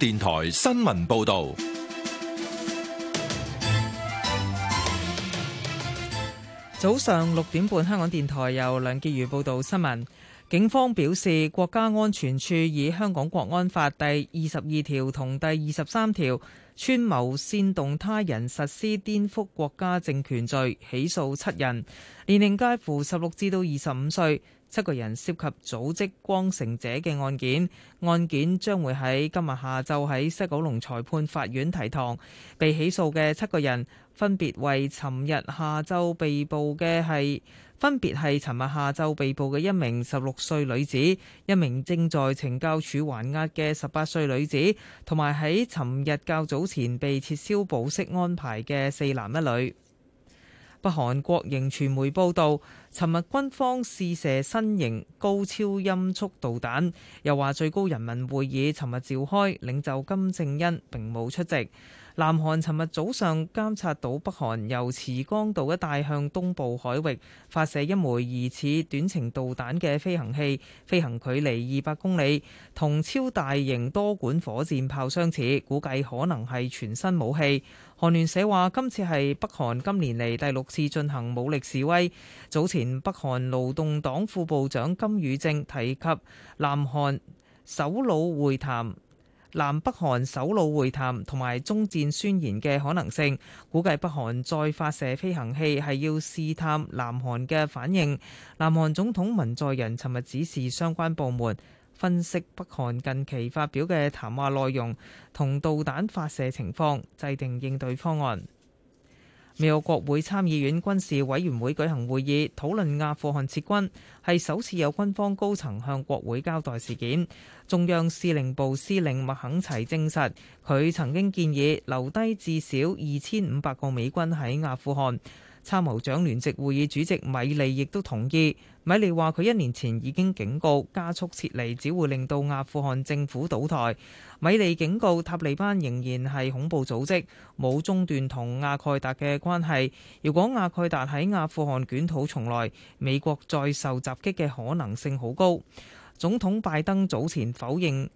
電台新聞報道，早上六點半，香港電台由梁潔如報道新聞。警方表示，國家安全處以《香港國安法》第二十二條同第二十三條，串謀煽動他人實施顛覆國家政權罪，起訴七人，年齡介乎十六至到二十五歲。七個人涉及組織光城者嘅案件，案件將會喺今日下晝喺西九龍裁判法院提堂。被起訴嘅七個人分別為尋日下晝被捕嘅係分別係尋日下晝被捕嘅一名十六歲女子，一名正在懲教署還押嘅十八歲女子，同埋喺尋日較早前被撤銷保釋安排嘅四男一女。北韓國營傳媒報道，尋日軍方試射新型高超音速導彈，又話最高人民會議尋日召開，領袖金正恩並冇出席。南韓尋日早上監察到北韓由慈江道一帶向東部海域發射一枚疑似短程導彈嘅飛行器，飛行距離二百公里，同超大型多管火箭炮相似，估計可能係全新武器。韓聯社話，今次係北韓今年嚟第六次進行武力示威。早前北韓勞動黨副部長金宇正提及南韓首腦會談。南北韓首腦會談同埋終戰宣言嘅可能性，估計北韓再發射飛行器係要試探南韓嘅反應。南韓總統文在寅尋日指示相關部門分析北韓近期發表嘅談話內容同導彈發射情況，制定應對方案。美國國會參議院軍事委員會舉行會議，討論阿富汗撤軍，係首次有軍方高層向國會交代事件。中央司令部司令麥肯齊證實，佢曾經建議留低至少二千五百個美軍喺阿富汗。參謀長聯席會議主席米利亦都同意。米利話：佢一年前已經警告，加速撤離只會令到阿富汗政府倒台。米利警告塔利班仍然係恐怖組織，冇中斷同阿蓋達嘅關係。如果阿蓋達喺阿富汗捲土重來，美國再受襲擊嘅可能性好高。總統拜登早前否認。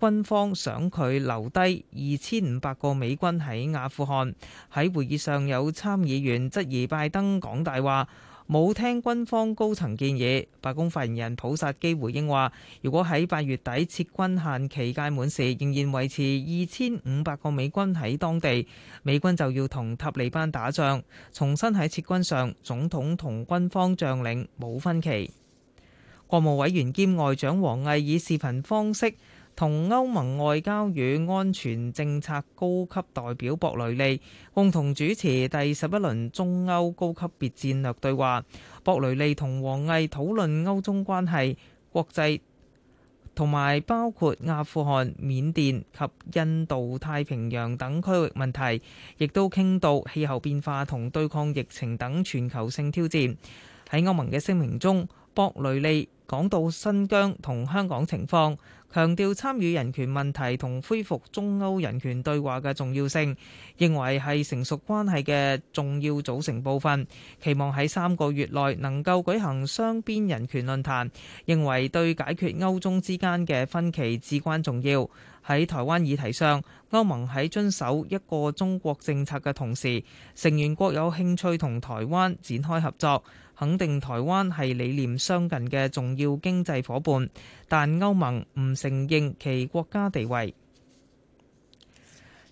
軍方想佢留低二千五百個美軍喺阿富汗。喺會議上有參議員質疑拜登講大話，冇聽軍方高層建議。白宮發言人普薩基回應話，如果喺八月底撤軍限期屆滿時仍然維持二千五百個美軍喺當地，美軍就要同塔利班打仗。重新喺撤軍上，總統同軍方將領冇分歧。國務委員兼外長王毅以視頻方式。同歐盟外交與安全政策高級代表博雷利共同主持第十一輪中歐高級別戰略對話。博雷利同王毅討論歐中關係、國際同埋包括阿富汗、緬甸及印度太平洋等區域問題，亦都傾到氣候變化同對抗疫情等全球性挑戰。喺歐盟嘅聲明中，博雷利講到新疆同香港情況，強調參與人權問題同恢復中歐人權對話嘅重要性，認為係成熟關係嘅重要組成部分。期望喺三個月內能夠舉行雙邊人權論壇，認為對解決歐中之間嘅分歧至關重要。喺台灣議題上，歐盟喺遵守一個中國政策嘅同時，成員國有興趣同台灣展開合作。肯定台灣係理念相近嘅重要經濟夥伴，但歐盟唔承認其國家地位。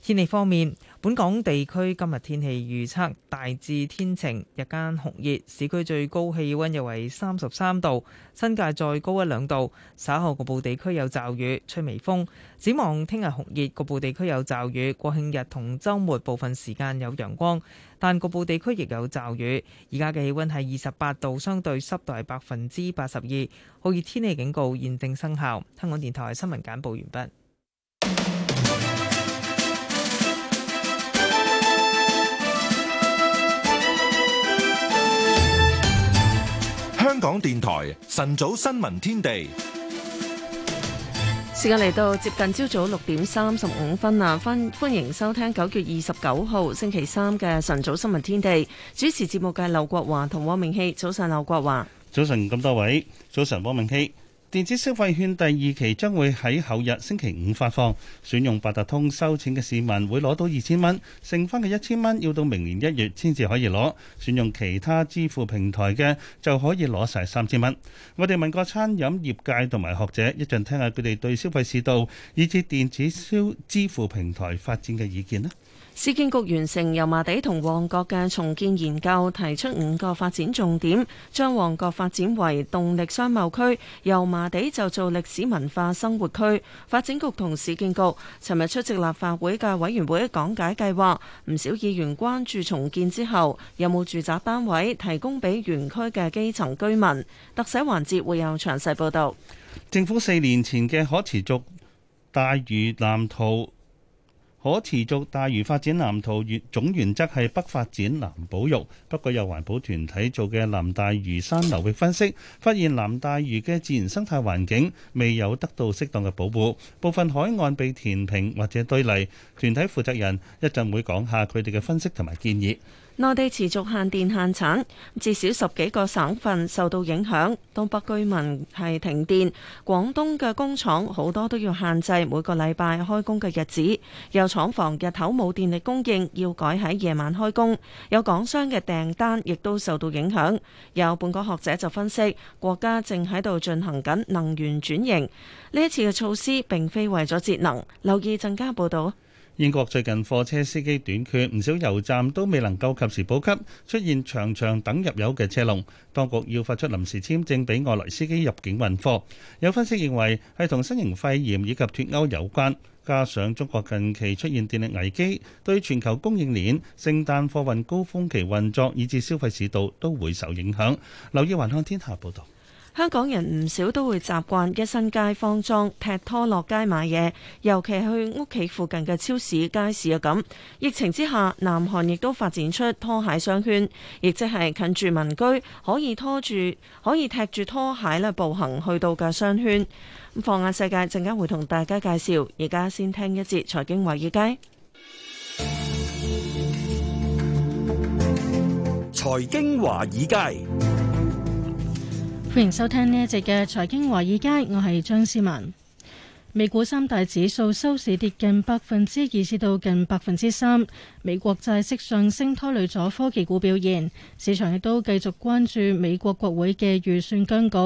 天氣方面。本港地區今日天氣預測，大致天晴，日間酷熱市區最高氣溫約為三十三度，新界再高一兩度。稍後局部地區有驟雨，吹微風，展望聽日酷熱局部地區有驟雨。國慶日同周末部分時間有陽光，但局部地區亦有驟雨。而家嘅氣溫係二十八度，相對濕度係百分之八十二，酷熱天氣警告現正生效。香港電台新聞簡報完畢。香港電台晨早新聞天地，時間嚟到接近朝早六點三十五分啦，歡歡迎收聽九月二十九號星期三嘅晨早新聞天地。主持節目嘅劉國華同汪明熙。早晨劉國華，早晨咁多位，早晨汪明熙。電子消費券第二期將會喺後日星期五發放，選用八達通收錢嘅市民會攞到二千蚊，剩翻嘅一千蚊要到明年一月先至可以攞；選用其他支付平台嘅就可以攞晒三千蚊。我哋問過餐飲業界同埋學者一陣聽下佢哋對消費市道以至電子消支付平台發展嘅意見啦。市建局完成油麻地同旺角嘅重建研究，提出五個發展重點，將旺角發展為動力商貿區，油麻地就做歷史文化生活區。發展局同市建局尋日出席立法會嘅委員會講解計劃，唔少議員關注重建之後有冇住宅單位提供俾原區嘅基層居民。特寫環節會有詳細報道。政府四年前嘅可持續大嶼藍圖。可持續大嶼發展藍圖，總原則係北發展、南保育。不過，有環保團體做嘅南大嶼山流域分析，發現南大嶼嘅自然生態環境未有得到適當嘅保護，部分海岸被填平或者堆泥。團體負責人一陣會講下佢哋嘅分析同埋建議。內地持續限電限產，至少十幾個省份受到影響。東北居民係停電，廣東嘅工廠好多都要限制每個禮拜開工嘅日子。有廠房日頭冇電力供應，要改喺夜晚開工。有港商嘅訂單亦都受到影響。有半個學者就分析，國家正喺度進行緊能源轉型。呢一次嘅措施並非為咗節能。留意陣間報道。英國最近貨車司機短缺，唔少油站都未能夠及時補給，出現長長等入油嘅車龍。當局要發出臨時簽證俾外來司機入境運貨。有分析認為係同新型肺炎以及脱歐有關，加上中國近期出現電力危機，對全球供應鏈、聖誕貨運高峰期運作以至消費市道都會受影響。留意《環看天下》報道。香港人唔少都會習慣一身街坊裝，踢拖落街買嘢，尤其去屋企附近嘅超市、街市啊咁。疫情之下，南韓亦都發展出拖鞋商圈，亦即係近住民居可以拖住、可以踢住拖鞋咧步行去到嘅商圈。放眼世界，陣間會同大家介紹。而家先聽一節財經華爾街。財經華爾街。歡迎收聽呢一集嘅財經華爾街，我係張思文。美股三大指數收市跌近百分之二，至到近百分之三。美國債息上升拖累咗科技股表現，市場亦都繼續關注美國國會嘅預算僵局。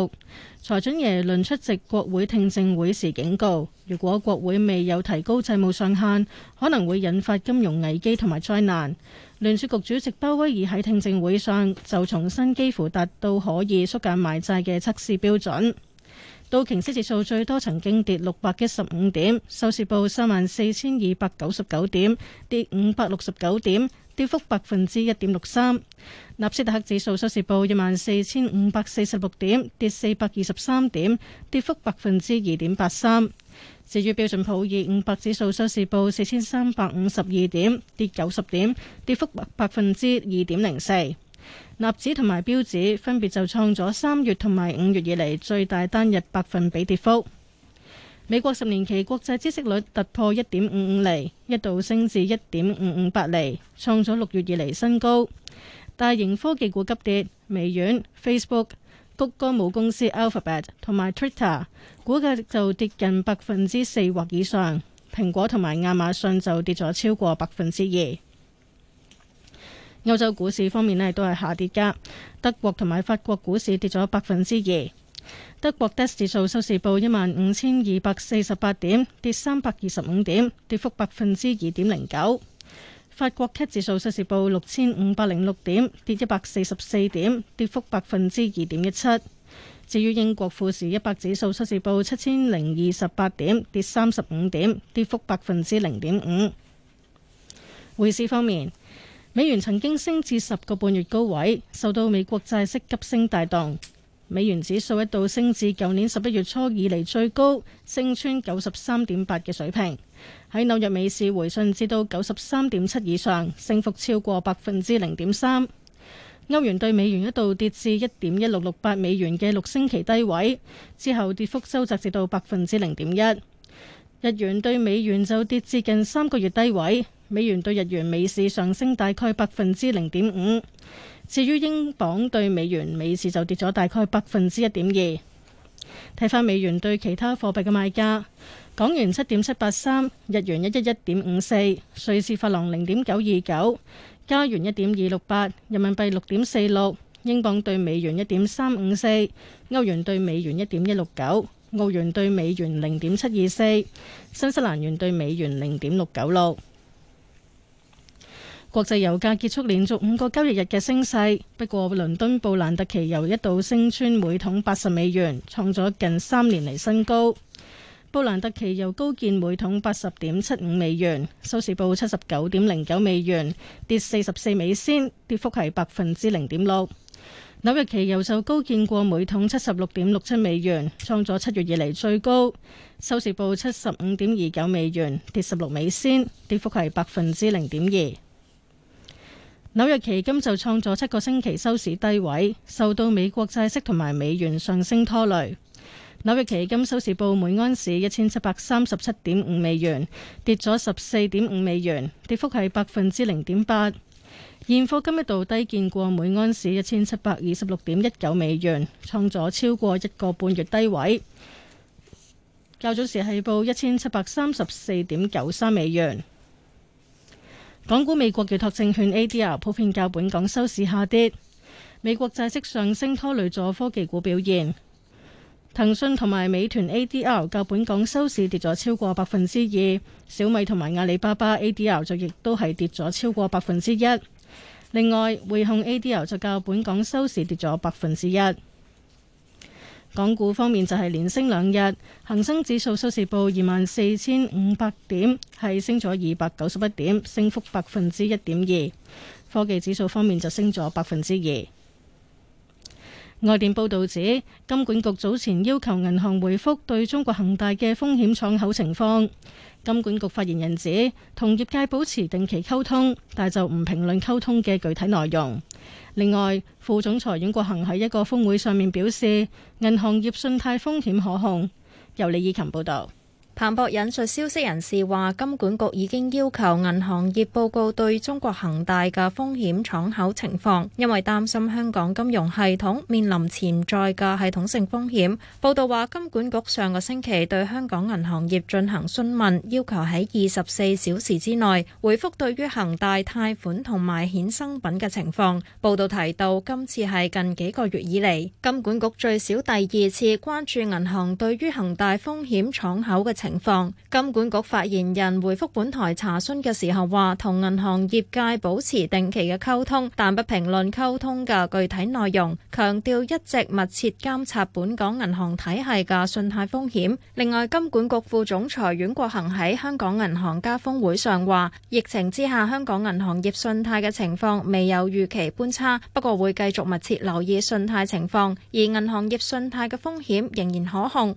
財長耶倫出席國會聽證會時警告，如果國會未有提高債務上限，可能會引發金融危機同埋災難。聯儲局主席鮑威爾喺聽證會上就重申幾乎達到可以縮減買債嘅測試標準。道瓊斯指數最多曾經跌六百一十五點，收市報三萬四千二百九十九點，跌五百六十九點，跌幅百分之一點六三。納斯達克指數收市報一萬四千五百四十六點，跌四百二十三點，跌幅百分之二點八三。至於標準普爾五百指數收市報四千三百五十二點，跌九十點，跌幅百分之二點零四。納指同埋標指分別就創咗三月同埋五月以嚟最大單日百分比跌幅。美國十年期國債孳息率突破一點五五厘，一度升至一點五五八厘，創咗六月以嚟新高。大型科技股急跌，微軟、Facebook。谷歌母公司 Alphabet 同埋 Twitter 股價就跌近百分之四或以上，蘋果同埋亞馬遜就跌咗超過百分之二。歐洲股市方面呢，都係下跌㗎，德國同埋法國股市跌咗百分之二。德國 DAX 指數收市報一萬五千二百四十八點，跌三百二十五點，跌幅百分之二點零九。法國 CAC 指數實時報六千五百零六點，跌一百四十四點，跌幅百分之二點一七。至於英國富時一百指數實時報七千零二十八點，跌三十五點，跌幅百分之零點五。匯市方面，美元曾經升至十個半月高位，受到美國債息急升帶動，美元指數一度升至舊年十一月初以嚟最高，升穿九十三點八嘅水平。喺紐約美市回信至到九十三點七以上，升幅超過百分之零點三。歐元對美元一度跌至一點一六六八美元嘅六星期低位，之後跌幅收窄至到百分之零點一。日元對美元就跌至近三個月低位，美元對日元美市上升大概百分之零點五。至於英鎊對美元美市就跌咗大概百分之一點二。睇返美元對其他貨幣嘅賣價。港元七點七八三，日元一一一點五四，瑞士法郎零點九二九，加元一點二六八，人民幣六點四六，英鎊兌美元一點三五四，歐元兌美元一點一六九，澳元兌美元零點七二四，新西蘭元兌美元零點六九六。國際油價結束連續五個交易日嘅升勢，不過倫敦布蘭特期油一度升穿每桶八十美元，創咗近三年嚟新高。布蘭特期油高見每桶八十點七五美元，收市報七十九點零九美元，跌四十四美仙，跌幅係百分之零點六。紐約期油就高見過每桶七十六點六七美元，創咗七月以嚟最高，收市報七十五點二九美元，跌十六美仙，跌幅係百分之零點二。紐約期金就創咗七個星期收市低位，受到美國債息同埋美元上升拖累。紐約期金收市報每安士一千七百三十七點五美元，跌咗十四點五美元，跌幅係百分之零點八。現貨金一度低見過每安士一千七百二十六點一九美元，創咗超過一個半月低位。較早時係報一千七百三十四點九三美元。港股美國寄託證券 ADR 普遍較本港收市下跌，美國債息上升拖累咗科技股表現。騰訊同埋美團 ADR 較本港收市跌咗超過百分之二，小米同埋阿里巴巴 ADR 就亦都係跌咗超過百分之一。另外匯控 ADR 就較本港收市跌咗百分之一。港股方面就係連升兩日，恒生指數收市報二萬四千五百點，係升咗二百九十一點，升幅百分之一點二。科技指數方面就升咗百分之二。外電報道指，金管局早前要求銀行回覆對中國恒大嘅風險敞口情況。金管局發言人指，同業界保持定期溝通，但就唔評論溝通嘅具體內容。另外，副總裁阮國恒喺一個峰會上面表示，銀行業信貸風險可控。由李以琴報道。彭博引述消息人士話，金管局已經要求銀行業報告對中國恒大嘅風險敞口情況，因為擔心香港金融系統面臨潛在嘅系統性風險。報道話，金管局上個星期對香港銀行業進行詢問，要求喺二十四小時之內回覆對於恒大貸款同埋衍生品嘅情況。報道提到，今次係近幾個月以嚟金管局最少第二次關注銀行對於恒大風險敞口嘅情況。情況，金管局發言人回復本台查詢嘅時候話，同銀行業界保持定期嘅溝通，但不評論溝通嘅具體內容，強調一直密切監察本港銀行體系嘅信貸風險。另外，金管局副總裁阮國恒喺香港銀行家峰會上話，疫情之下香港銀行業信貸嘅情況未有預期般差，不過會繼續密切留意信貸情況，而銀行業信貸嘅風險仍然可控。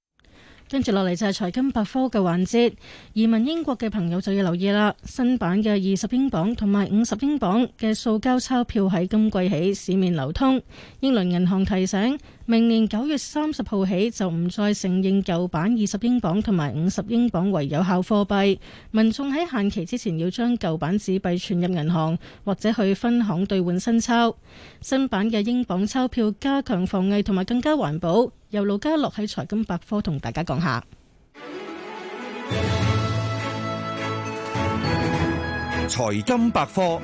跟住落嚟就係財金百科嘅環節，移民英國嘅朋友就要留意啦！新版嘅二十英鎊同埋五十英鎊嘅塑膠鈔票喺今季起市面流通，英倫銀行提醒，明年九月三十號起就唔再承認舊版二十英鎊同埋五十英鎊為有效貨幣，民眾喺限期之前要將舊版紙幣存入銀行或者去分行兌換新鈔。新版嘅英鎊鈔票加強防偽同埋更加環保。由盧家樂喺財金百科同大家講下。財金百科。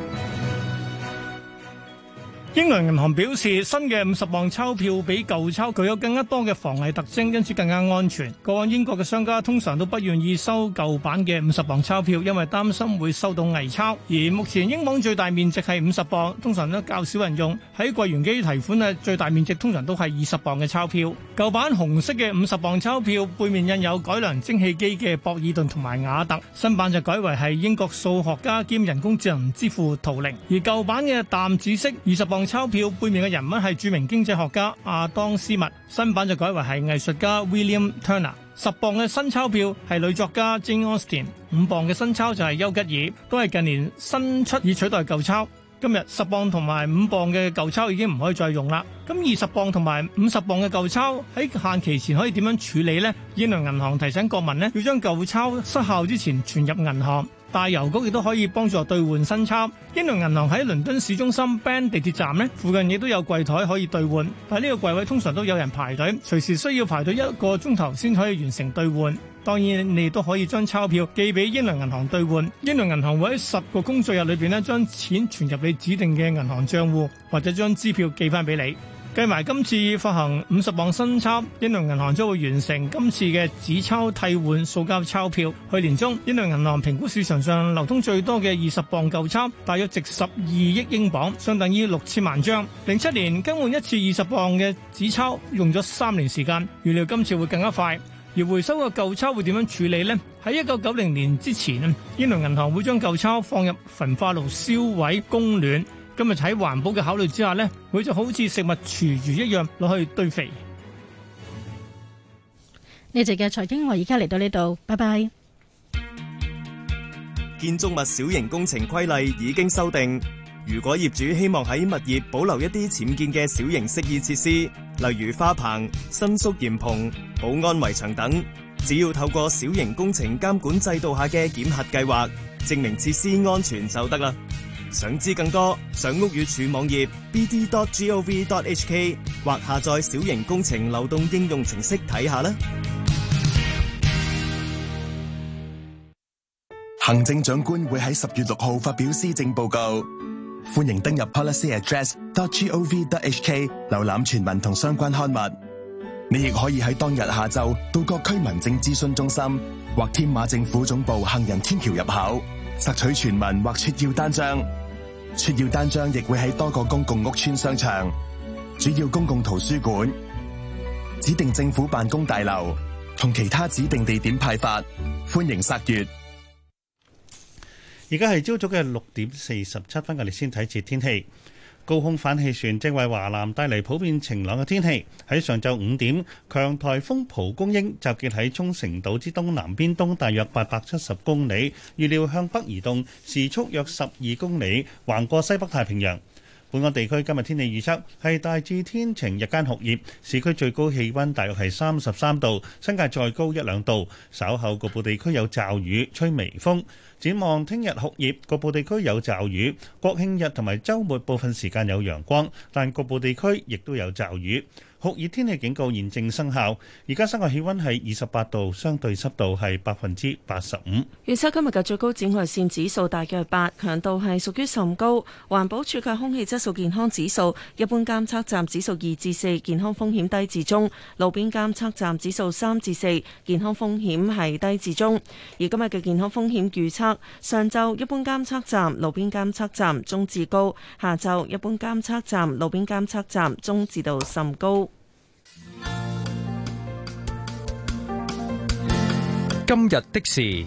英格蘭銀行表示，新嘅五十磅鈔票比舊鈔具有更加多嘅防偽特徵，因此更加安全。過往英國嘅商家通常都不願意收舊版嘅五十磅鈔票，因為擔心會收到偽鈔。而目前英鎊最大面值係五十磅，通常都較少人用。喺櫃員機提款咧，最大面值通常都係二十磅嘅鈔票。舊版紅色嘅五十磅鈔票背面印有改良蒸汽機嘅博爾頓同埋瓦特，新版就改為係英國數學家兼人工智能之父圖靈。而舊版嘅淡紫色二十磅鈔票背面嘅人物係著名經濟學家阿當斯密，新版就改為係藝術家 William Turner。十磅嘅新鈔票係女作家 Jane Austen，五磅嘅新鈔就係丘吉爾，都係近年新出已取代舊鈔。今日十磅同埋五磅嘅舊鈔已經唔可以再用啦。咁二十磅同埋五十磅嘅舊鈔喺限期前可以點樣處理呢？英倫銀行提醒國民呢，要將舊鈔失效之前存入銀行。大郵局亦都可以幫助兌換新鈔。英倫銀行喺倫敦市中心 Bank 地鐵站咧附近，亦都有櫃台可以兌換。但呢個櫃位通常都有人排隊，隨時需要排隊一個鐘頭先可以完成兌換。當然，你都可以將鈔票寄俾英倫銀行兌換。英倫銀行會喺十個工作日裏邊咧將錢存入你指定嘅銀行帳戶，或者將支票寄翻俾你。.計埋今次發行五十磅新鈔，英倫銀行將會完成今次嘅紙鈔替換塑膠鈔票。去年中，英倫銀行評估市場上流通最多嘅二十磅舊鈔，大約值十二億英鎊，相等於六千萬張。零七年更換一次二十磅嘅紙鈔用咗三年時間，預料今次會更加快。而回收嘅舊鈔會點樣處理呢？喺一九九零年之前，英倫銀行會將舊鈔放入焚化爐燒毀供暖。今日喺環保嘅考慮之下，呢佢就好似食物廚餘一樣落去堆肥。你哋嘅財經我而家嚟到呢度，拜拜。建築物小型工程規例已經修訂，如果業主希望喺物業保留一啲僭建嘅小型適意設施，例如花棚、伸縮簷篷、保安圍牆等，只要透過小型工程監管制度下嘅檢核計劃，證明設施安全就得啦。想知更多，上屋宇署網頁 bd.gov.hk 或下載小型工程流動應用程式睇下啦。看看行政長官會喺十月六號發表施政報告，歡迎登入 policyaddress.gov.hk 瀏覽全民同相關刊物。你亦可以喺當日下晝到各區民政諮詢中心或天馬政府總部行人天橋入口。實取全民或撮要單張，撮要單張亦會喺多個公共屋村、商場、主要公共圖書館、指定政府辦公大樓同其他指定地點派發，歡迎殺月。而家係朝早嘅六點四十七分，我哋先睇次天氣。高空反氣旋正為華南帶嚟普遍晴朗嘅天氣。喺上晝五點，強颱風蒲公英集結喺沖繩島之東南邊東，大約八百七十公里，預料向北移動，時速約十二公里，橫過西北太平洋。本港地區今日天氣預測係大致天晴，日間酷熱，市區最高氣温大約係三十三度，新界再高一兩度。稍後局部地區有驟雨，吹微風。展望聽日酷熱，局部地區有驟雨。國慶日同埋週末部分時間有陽光，但局部地區亦都有驟雨。酷熱天氣警告，現正生效，而家室外氣溫係二十八度，相對濕度係百分之八十五。預測今日嘅最高紫外線指數大約八，強度係屬於甚高。環保署嘅空氣質素健康指數，一般監測站指數二至四，健康風險低至中；路邊監測站指數三至四，健康風險係低至中。而今日嘅健康風險預測，上晝一般監測站、路邊監測站中至高，下晝一般監測站、路邊監測站中至到甚高。今日的事，立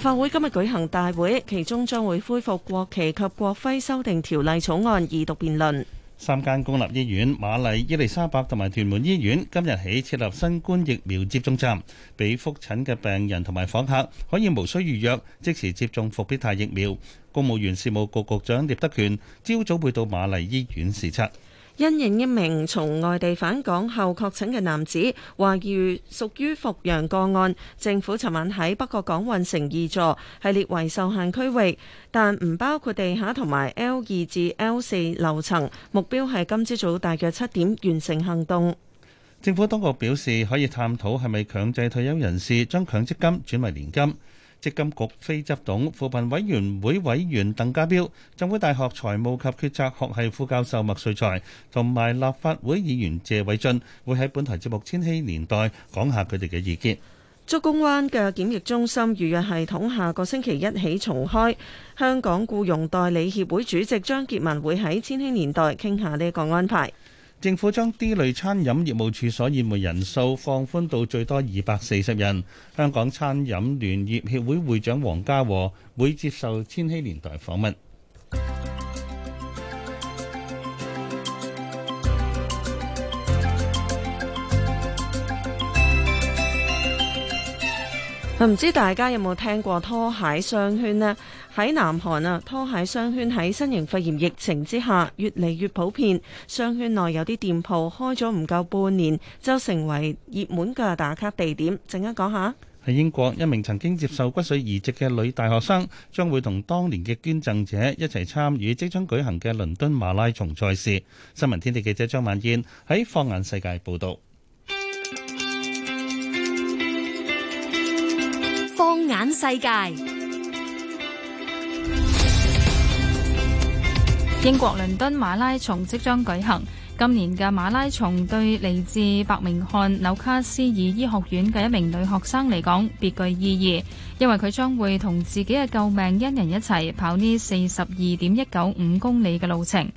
法會今日舉行大會，其中將會恢復國旗及國徽修訂條例草案二讀辯論。三間公立醫院瑪麗、伊利沙伯同埋屯門醫院今日起設立新冠疫苗接種站，畀復診嘅病人同埋訪客可以無需預約即時接種復必泰疫苗。公務員事務局局長聶德權朝早會到瑪麗醫院視察。因應一名從外地返港後確診嘅男子，懷疑屬於復陽個案。政府尋晚喺北角港運城二座系列為受限區域，但唔包括地下同埋 L 二至 L 四樓層。目標係今朝早大約七點完成行動。政府當局表示可以探討係咪強制退休人士將強積金轉為年金。積金局非執董、扶貧委員會委員鄧家彪、浸會大學財務及決策學系副教授麥瑞才，同埋立法會議員謝偉俊會喺本台節目《千禧年代》講下佢哋嘅意見。竹篙灣嘅檢疫中心預約系統下個星期一起重開，香港僱傭代理協會主席張杰文會喺《千禧年代》傾下呢個安排。政府將 D 類餐飲業務處所業務人數放寬到最多二百四十人。香港餐飲聯業協會會長黃家和會接受千禧年代訪問。唔知大家有冇聽過拖鞋商圈呢？喺南韓啊，拖鞋商圈喺新型肺炎疫情之下越嚟越普遍。商圈內有啲店鋪開咗唔夠半年，就成為熱門嘅打卡地點。陣間講下，喺英國，一名曾經接受骨髓移植嘅女大學生，將會同當年嘅捐贈者一齊參與即將舉行嘅倫敦馬拉松賽事。新聞天地記者張萬燕喺放眼世界報道。放眼世界，英國倫敦馬拉松即將舉行。今年嘅馬拉松對嚟自伯明翰紐卡斯爾醫學院嘅一名女學生嚟講，別具意義，因為佢將會同自己嘅救命恩人一齊跑呢四十二點一九五公里嘅路程。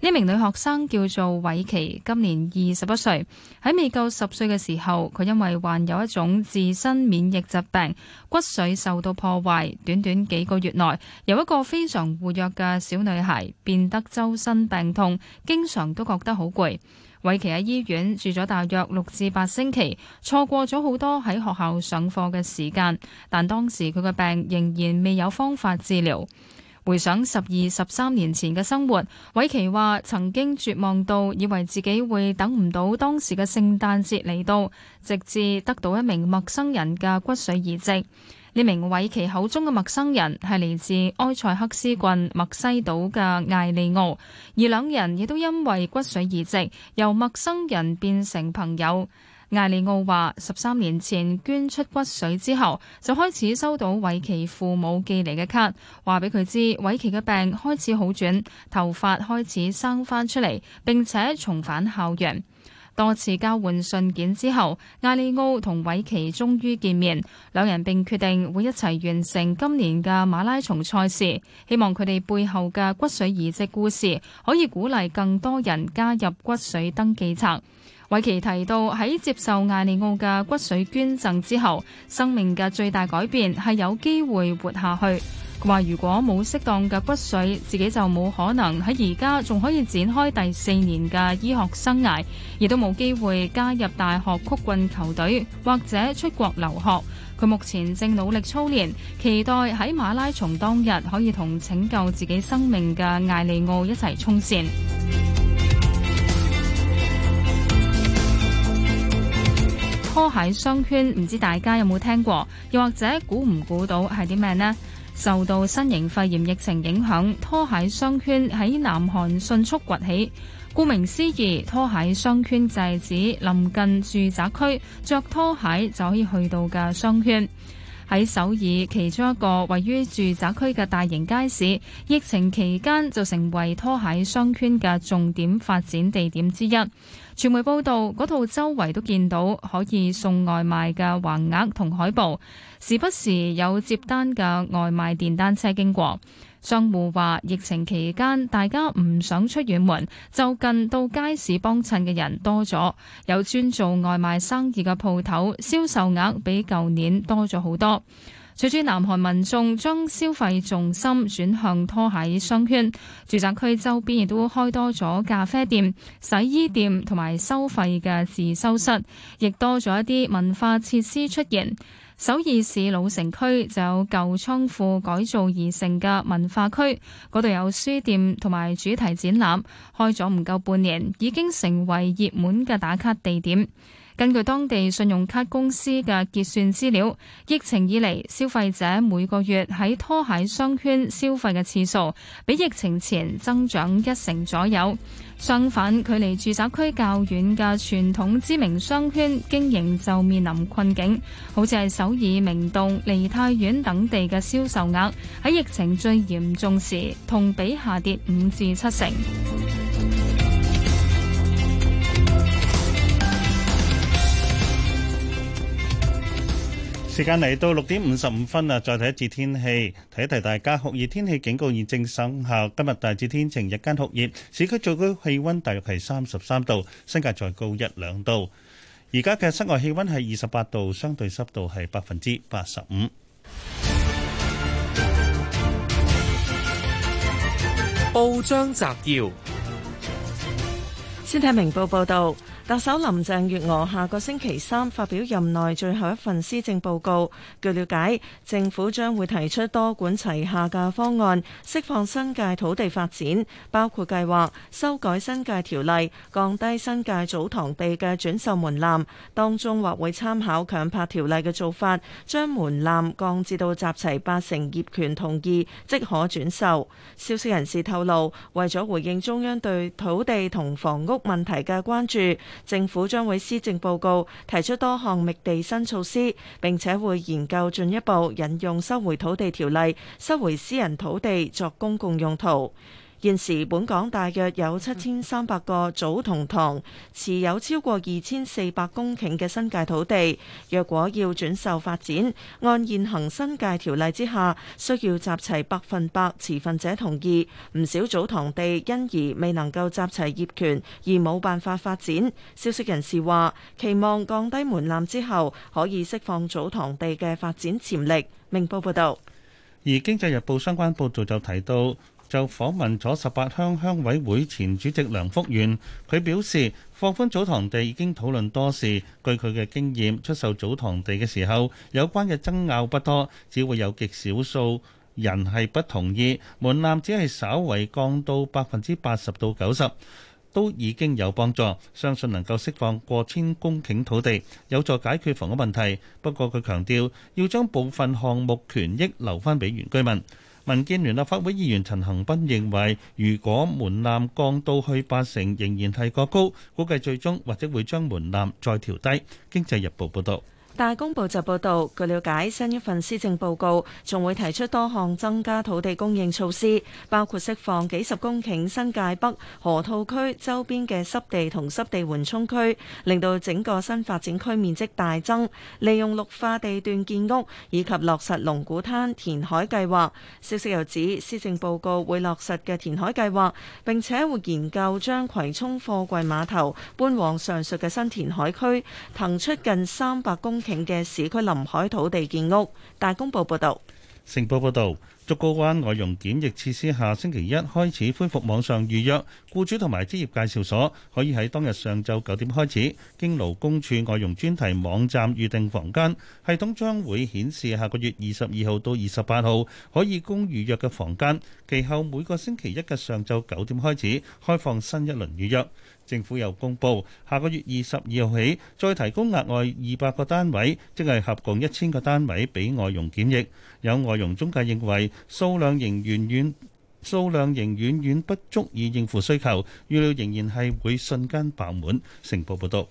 呢名女學生叫做韋琪，今年二十一歲。喺未夠十歲嘅時候，佢因為患有一種自身免疫疾病，骨髓受到破壞。短短幾個月內，由一個非常活躍嘅小女孩變得周身病痛，經常都覺得好攰。韋琪喺醫院住咗大約六至八星期，錯過咗好多喺學校上課嘅時間。但當時佢嘅病仍然未有方法治療。回想十二十三年前嘅生活，韋奇話曾經絕望到以為自己會等唔到當時嘅聖誕節嚟到，直至得到一名陌生人嘅骨髓移植。呢名韋奇口中嘅陌生人係嚟自埃塞克斯郡墨西島嘅艾利奧，而兩人亦都因為骨髓移植由陌生人變成朋友。艾利奧話：十三年前捐出骨髓之後，就開始收到偉奇父母寄嚟嘅卡，話俾佢知偉奇嘅病開始好轉，頭髮開始生翻出嚟，並且重返校園。多次交換信件之後，艾利奧同偉奇終於見面，兩人並決定會一齊完成今年嘅馬拉松賽事。希望佢哋背後嘅骨髓移植故事可以鼓勵更多人加入骨髓登記冊。韋奇提到喺接受艾利奧嘅骨髓捐贈之後，生命嘅最大改變係有機會活下去。佢話如果冇適當嘅骨髓，自己就冇可能喺而家仲可以展開第四年嘅醫學生涯，亦都冇機會加入大學曲棍球隊或者出國留學。佢目前正努力操練，期待喺馬拉松當日可以同拯救自己生命嘅艾利奧一齊衝線。拖鞋商圈唔知大家有冇聽過，又或者估唔估到係啲咩呢？受到新型肺炎疫情影響，拖鞋商圈喺南韓迅速崛起。顧名思義，拖鞋商圈即指臨近住宅區、着拖鞋就可以去到嘅商圈。喺首爾，其中一個位於住宅區嘅大型街市，疫情期間就成為拖鞋商圈嘅重點發展地點之一。傳媒報道，嗰度周圍都見到可以送外賣嘅橫額同海報，時不時有接單嘅外賣電單車經過。商戶話，疫情期間大家唔想出遠門，就近到街市幫襯嘅人多咗，有專做外賣生意嘅鋪頭，銷售額比舊年多咗好多。隨住南韓民眾將消費重心轉向拖鞋商圈，住宅區周邊亦都開多咗咖啡店、洗衣店同埋收費嘅自修室，亦多咗一啲文化設施出現。首爾市老城區就有舊倉庫改造而成嘅文化區，嗰度有書店同埋主題展覽，開咗唔夠半年，已經成為熱門嘅打卡地點。根據當地信用卡公司嘅結算資料，疫情以嚟消費者每個月喺拖鞋商圈消費嘅次數，比疫情前增長一成左右。相反，距離住宅區較遠嘅傳統知名商圈經營就面臨困境，好似係首爾明洞、梨泰院等地嘅銷售額喺疫情最嚴重時同比下跌五至七成。時間嚟到六點五十五分啦，再睇一次天氣，提一提大家酷熱天氣警告現正生效。今日大致天晴，日間酷熱，市區最高氣溫大約係三十三度，新界再高一兩度。而家嘅室外氣溫係二十八度，相對濕度係百分之八十五。報章摘要，先睇明報報道。特首林鄭月娥下個星期三發表任內最後一份施政報告。據了解，政府將會提出多管齊下嘅方案，釋放新界土地發展，包括計劃修改新界條例，降低新界祖堂地嘅轉售門檻，當中或會參考強拍條例嘅做法，將門檻降至到集齊八成業權同意，即可轉售。消息人士透露，為咗回應中央對土地同房屋問題嘅關注，政府將會施政報告提出多項覓地新措施，並且會研究進一步引用收回土地條例，收回私人土地作公共用途。現時本港大約有七千三百個祖同堂，持有超過二千四百公頃嘅新界土地。若果要轉售發展，按現行新界條例之下，需要集齊百分百持份者同意。唔少祖堂地因而未能夠集齊業權，而冇辦法發展。消息人士話，期望降低門檻之後，可以釋放祖堂地嘅發展潛力。明報報導，而經濟日報相關報導就提到，就訪問咗十八鄉鄉委會前主席梁福元，佢表示，放寬祖堂地已經討論多時。據佢嘅經驗，出售祖堂地嘅時候，有關嘅爭拗不多，只會有極少數人係不同意。門檻只係稍為降到百分之八十到九十，都已經有幫助。相信能夠釋放過千公頃土地，有助解決房屋問題。不過佢強調，要將部分項目權益留翻俾原居民。民建聯立法會議員陳恒斌認為，如果門檻降到去八成，仍然係過高，估計最終或者會將門檻再調低。經濟日報報導。大公報就報道，據了解，新一份施政報告仲會提出多項增加土地供應措施，包括釋放幾十公頃新界北河套區周邊嘅濕地同濕地緩衝區，令到整個新發展區面積大增；利用綠化地段建屋，以及落實龍鼓灘填海計劃。消息又指，施政報告會落實嘅填海計劃，並且會研究將葵涌貨櫃碼頭搬往上述嘅新填海區，騰出近三百公嘅市區臨海土地建屋，大公報報道，成報報道。竹篙灣外佣檢疫設施下星期一開始恢復網上預約，僱主同埋職業介紹所可以喺當日上晝九點開始經勞工處外傭專題網站預訂房間，系統將會顯示下個月二十二號到二十八號可以供預約嘅房間，其後每個星期一嘅上晝九點開始開放新一輪預約。政府又公佈下個月二十二號起再提供額外二百個單位，即係合共一千個單位俾外佣檢疫。有外傭中介認為。數量仍遠遠數量仍遠遠不足以應付需求，預料仍然係會瞬間爆滿。成報報道。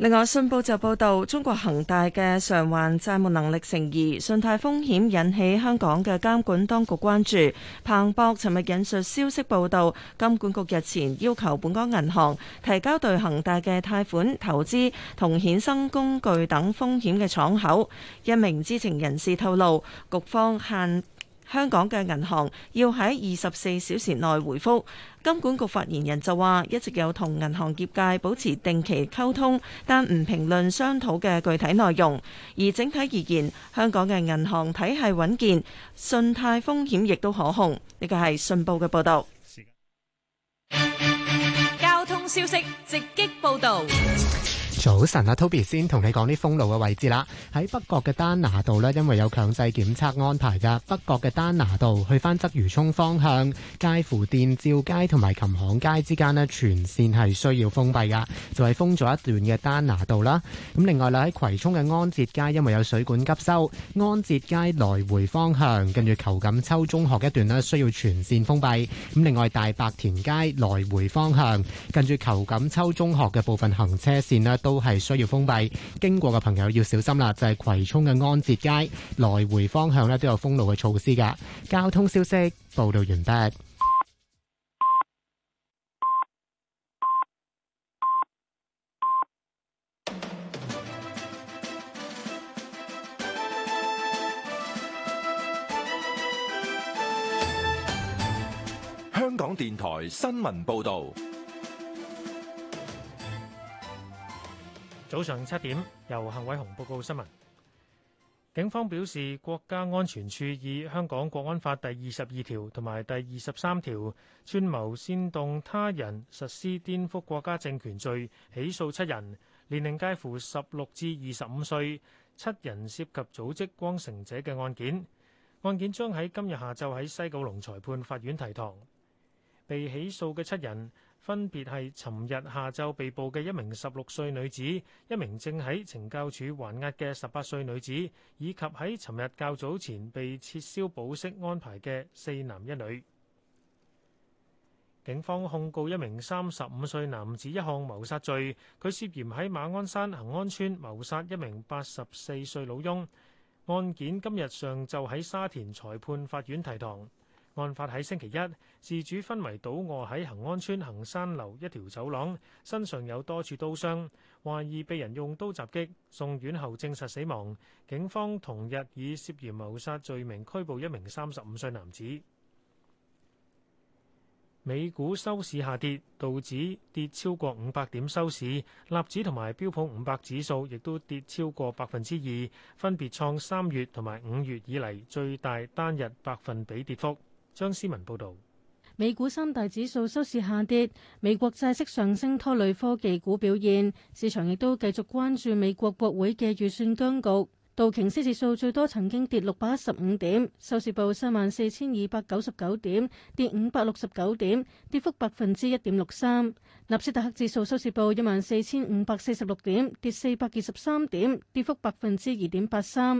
另外，信報就報道，中國恒大嘅償還債務能力成疑，信貸風險引起香港嘅監管當局關注。彭博尋日引述消息報道，監管局日前要求本港銀行提交對恒大嘅貸款、投資同衍生工具等風險嘅敞口。一名知情人士透露，局方限香港嘅銀行要喺二十四小時內回覆。金管局發言人就話，一直有同銀行業界保持定期溝通，但唔評論商討嘅具體內容。而整體而言，香港嘅銀行體系穩健，信貸風險亦都可控。呢個係信報嘅報導。交通消息直擊報導。早晨啊，Toby 先同你講啲封路嘅位置啦。喺北角嘅丹拿道咧，因為有強制檢測安排噶，北角嘅丹拿道去翻鰂魚涌方向，介乎電照街同埋琴行街之間咧，全線係需要封閉噶，就係封咗一段嘅丹拿道啦。咁另外咧，喺葵涌嘅安捷街，因為有水管急修，安捷街來回方向，跟住裘錦秋中學一段咧，需要全線封閉。咁另外大白田街來回方向，跟住裘錦秋中學嘅部分行車線咧都。都係需要封閉，經過嘅朋友要小心啦。就係葵涌嘅安捷街來回方向咧，都有封路嘅措施㗎。交通消息報道完畢。香港電台新聞報道。早上七點，由幸偉雄報告新聞。警方表示，國家安全處以《香港國安法》第二十二條同埋第二十三條，串謀煽動他人實施顛覆國家政權罪起訴七人，年齡介乎十六至二十五歲，七人涉及組織光城者嘅案件。案件將喺今日下晝喺西九龍裁判法院提堂。被起訴嘅七人。分別係尋日下晝被捕嘅一名十六歲女子、一名正喺懲教署還押嘅十八歲女子，以及喺尋日較早前被撤銷保釋安排嘅四男一女。警方控告一名三十五歲男子一項謀殺罪，佢涉嫌喺馬鞍山恒安村謀殺一名八十四歲老翁。案件今日上晝喺沙田裁判法院提堂。案發喺星期一，事主昏迷倒卧喺恒安邨恒山樓一條走廊，身上有多處刀傷，懷疑被人用刀襲擊，送院後證實死亡。警方同日以涉嫌謀殺罪名拘捕一名三十五歲男子。美股收市下跌，道指跌超過五百點收市，納指同埋標普五百指數亦都跌超過百分之二，分別創三月同埋五月以嚟最大單日百分比跌幅。張思文報道：美股三大指數收市下跌，美國債息上升拖累科技股表現，市場亦都繼續關注美國國會嘅預算僵局。道瓊斯指數最多曾經跌六百一十五點，收市報三萬四千二百九十九點，跌五百六十九點，跌幅百分之一點六三。納斯達克指數收市報一萬四千五百四十六點，跌四百二十三點，跌幅百分之二點八三。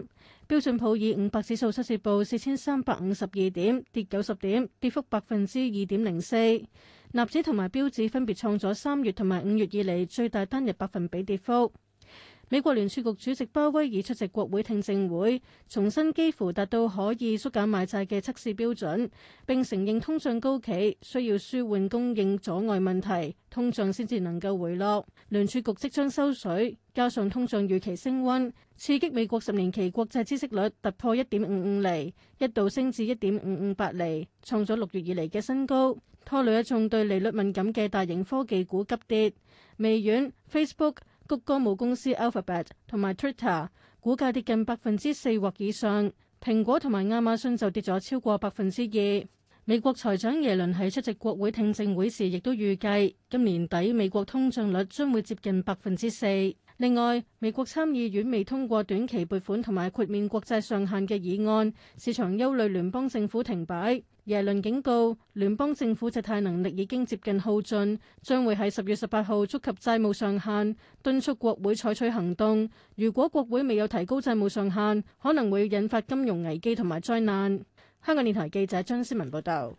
標準普爾五百指數收市報四千三百五十二點，跌九十點，跌幅百分之二點零四。納指同埋標指分別創咗三月同埋五月以嚟最大單日百分比跌幅。美國聯儲局主席鮑威爾出席國會聽證會，重申幾乎達到可以縮減買債嘅測試標準，並承認通脹高企，需要舒緩供應阻礙問題，通脹先至能夠回落。聯儲局即將收水，加上通脹預期升溫，刺激美國十年期國債孳息率突破一點五五厘，一度升至一點五五八厘，創咗六月以嚟嘅新高。拖累一眾對利率敏感嘅大型科技股急跌，微軟、Facebook。谷歌母公司 Alphabet 同埋 Twitter 股價跌近百分之四或以上，蘋果同埋亞馬遜就跌咗超過百分之二。美國財長耶倫喺出席國會聽證會時，亦都預計今年底美國通脹率將會接近百分之四。另外，美國參議院未通過短期撥款同埋豁免國債上限嘅議案，市場憂慮聯邦政府停擺。耶倫警告，聯邦政府借貸能力已經接近耗盡，將會喺十月十八號觸及債務上限，敦促國會採取行動。如果國會未有提高債務上限，可能會引發金融危機同埋災難。香港電台記者張思文報道。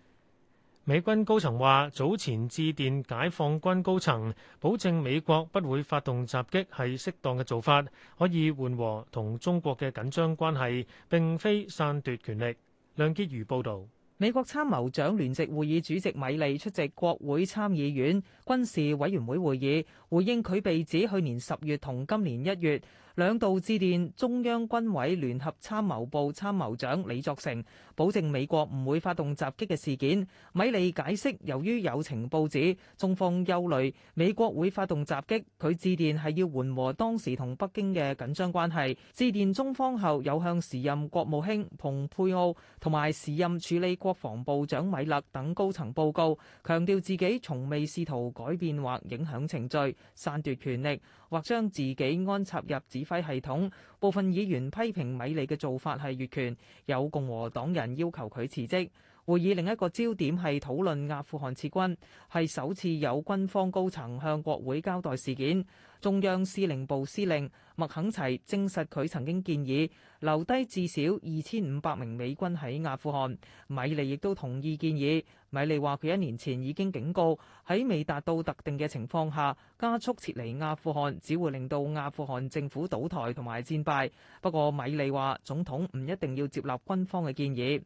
美軍高層話，早前致電解放軍高層，保證美國不會發動襲擊，係適當嘅做法，可以緩和同中國嘅緊張關係，並非篡奪權力。梁潔如報道。美國參謀長聯席會議主席米利出席國會參議院軍事委員會會議，回應佢被指去年十月同今年一月兩度致電中央軍委聯合參謀部參謀長李作成，保證美國唔會發動襲擊嘅事件。米利解釋，由於有情報指中方憂慮美國會發動襲擊，佢致電係要緩和當時同北京嘅緊張關係。致電中方後，有向時任國務卿蓬佩奧同埋時任處理國。國防部長米勒等高層報告，強調自己從未試圖改變或影響程序、散奪權力，或將自己安插入指揮系統。部分議員批評米利嘅做法係越權，有共和黨人要求佢辭職。會議另一個焦點係討論阿富汗撤軍，係首次有軍方高層向國會交代事件。中央司令部司令麥肯齊證實佢曾經建議留低至少二千五百名美軍喺阿富汗。米利亦都同意建議。米利話，佢一年前已經警告，喺未達到特定嘅情況下加速撤離阿富汗，只會令到阿富汗政府倒台同埋戰敗。不過，米利話總統唔一定要接納軍方嘅建議。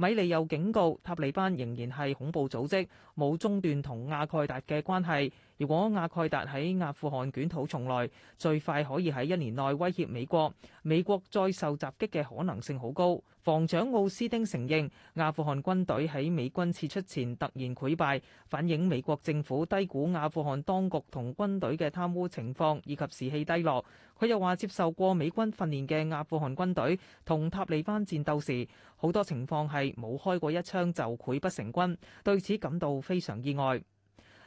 米利又警告，塔利班仍然係恐怖組織，冇中斷同阿蓋達嘅關係。如果阿蓋達喺阿富汗捲土重來，最快可以喺一年內威脅美國，美國再受襲擊嘅可能性好高。防長奧斯丁承認阿富汗軍隊喺美軍撤出前突然潰敗，反映美國政府低估阿富汗當局同軍隊嘅貪污情況以及士氣低落。佢又話接受過美軍訓練嘅阿富汗軍隊同塔利班戰鬥時，好多情況係冇開過一槍就潰不成軍，對此感到非常意外。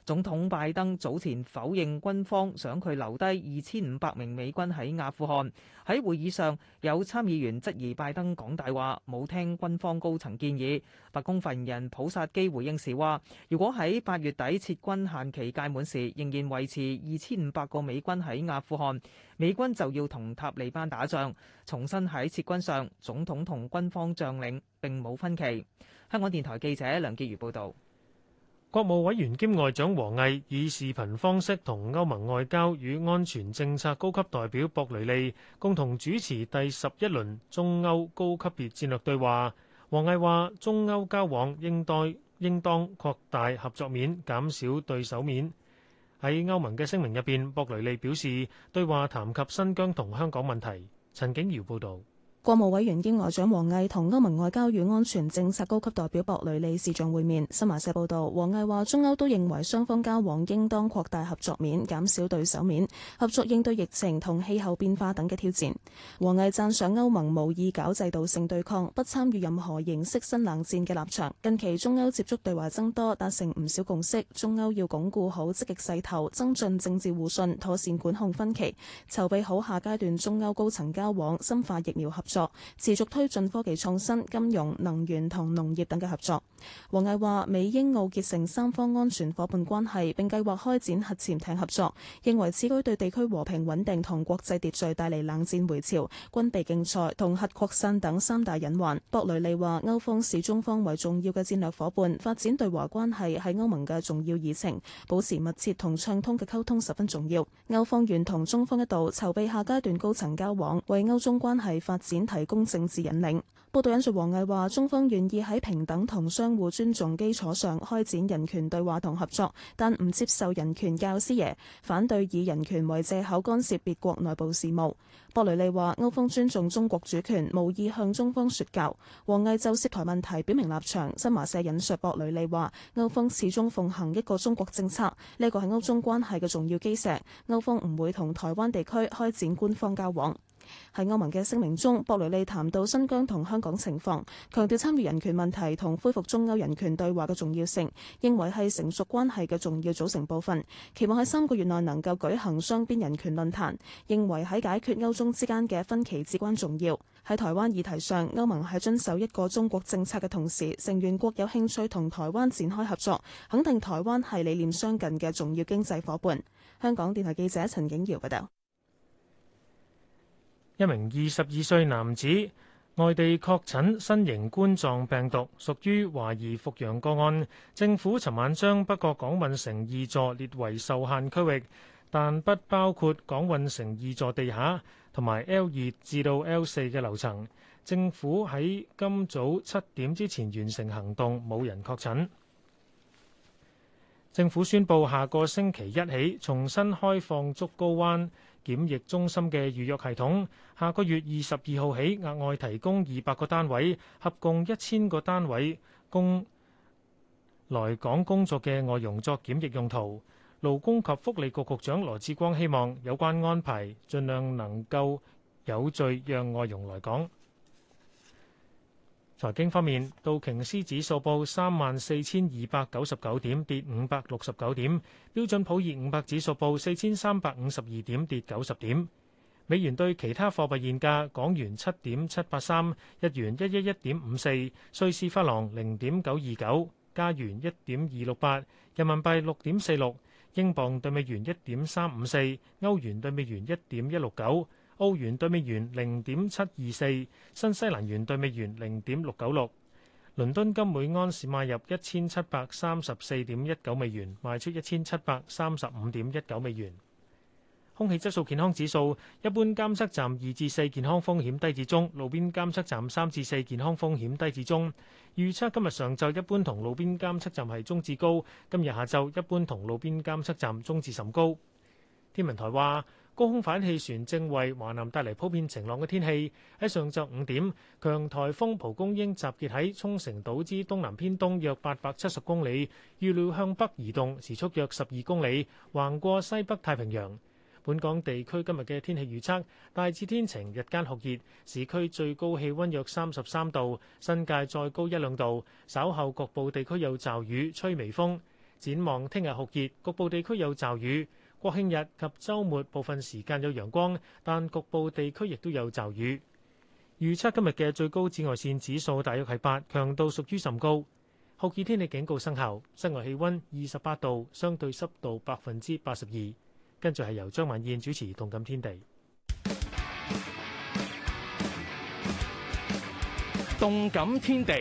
總統拜登早前否認軍方想佢留低二千五百名美軍喺阿富汗。喺會議上，有參議員質疑拜登講大話，冇聽軍方高層建議。白宮發言人普薩基回應時話，如果喺八月底撤軍限期屆滿時，仍然維持二千五百個美軍喺阿富汗，美軍就要同塔利班打仗。重新喺撤軍上，總統同軍方將領並冇分歧。香港電台記者梁潔如報導。國務委員兼外長王毅以視頻方式同歐盟外交與安全政策高級代表博雷利共同主持第十一輪中歐高級別戰略對話。王毅話：中歐交往應該應當擴大合作面，減少對手面。喺歐盟嘅聲明入邊，博雷利表示對話談及新疆同香港問題。陳景堯報道。國務委員兼外長王毅同歐盟外交與安全政策高級代表博雷利視像會面。新華社報道，王毅話中歐都認為雙方交往應當擴大合作面，減少對手面，合作應對疫情同氣候變化等嘅挑戰。王毅讚賞歐盟無意搞制度性對抗，不參與任何形式新冷戰嘅立場。近期中歐接觸對話增多，達成唔少共識。中歐要鞏固好積極勢頭，增進政治互信，妥善管控分歧，籌備好下階段中歐高層交往，深化疫苗合作。作持續推進科技創新、金融、能源同農業等嘅合作。王毅話：美英澳結成三方安全伙伴關係，並計劃開展核潛艇合作。認為此舉對地區和平穩定同國際秩序帶嚟冷戰回潮、軍備競賽同核擴散等三大隱患。博雷利話：歐方視中方為重要嘅戰略伙伴，發展對華關係係歐盟嘅重要議程，保持密切同暢通嘅溝通十分重要。歐方願同中方一道籌備下階段高層交往，為歐中關係發展提供政治引領。報道引述王毅話，中方願意喺平等同相互尊重基礎上開展人權對話同合作，但唔接受人權教師爺，反對以人權為借口干涉別國內部事務。博雷利話，歐方尊重中國主權，無意向中方說教。王毅就涉台問題表明立場。新華社引述博雷利話，歐方始終奉行一個中國政策，呢個係歐中關係嘅重要基石。歐方唔會同台灣地區開展官方交往。喺歐盟嘅聲明中，博雷利談到新疆同香港情況，強調參與人權問題同恢復中歐人權對話嘅重要性，認為係成熟關係嘅重要組成部分。期望喺三個月內能夠舉行雙邊人權論壇，認為喺解決歐中之間嘅分歧至關重要。喺台灣議題上，歐盟喺遵守一個中國政策嘅同時，成員國有興趣同台灣展開合作，肯定台灣係理念相近嘅重要經濟夥伴。香港電台記者陳景堯報道。一名二十二歲男子，外地確診新型冠狀病毒，屬於懷疑復陽個案。政府尋晚將北角港運城二座列為受限區域，但不包括港運城二座地下同埋 L 二至到 L 四嘅樓層。政府喺今早七點之前完成行動，冇人確診。政府宣布下個星期一起重新開放竹篙灣。檢疫中心嘅預約系統，下個月二十二號起，額外提供二百個單位，合共一千個單位，供來港工作嘅外傭作檢疫用途。勞工及福利局局長羅致光希望有關安排，盡量能夠有序讓外傭來港。財經方面，道瓊斯指數報三萬四千二百九十九點，跌五百六十九點；標準普爾五百指數報四千三百五十二點，跌九十點。美元對其他貨幣現價：港元七點七八三，日元一一一點五四，瑞士法郎零點九二九，加元一點二六八，人民幣六點四六，英鎊對美元一點三五四，歐元對美元一點一六九。歐元兌美元零點七二四，新西蘭元兌美元零點六九六。倫敦金每盎司賣入一千七百三十四點一九美元，賣出一千七百三十五點一九美元。空氣質素健康指數，一般監測站二至四健康風險低至中，路邊監測站三至四健康風險低至中。預測今日上晝一般同路邊監測站係中至高，今日下晝一般同路邊監測站中至甚高。天文台話。高空反氣旋正為華南帶嚟普遍晴朗嘅天氣。喺上晝五點，強颱風蒲公英集結喺沖繩島之東南偏東約八百七十公里，預料向北移動，時速約十二公里，橫過西北太平洋。本港地區今日嘅天氣預測：大致天晴，日間酷熱，市區最高氣溫約三十三度，新界再高一兩度。稍後局部地區有驟雨，吹微風。展望聽日酷熱，局部地區有驟雨。國慶日及周末部分時間有陽光，但局部地區亦都有驟雨。預測今日嘅最高紫外線指數大約係八，強度屬於甚高。酷熱天氣警告生效，室外氣温二十八度，相對濕度百分之八十二。跟住係由張文燕主持《動感天地》。《動感天地》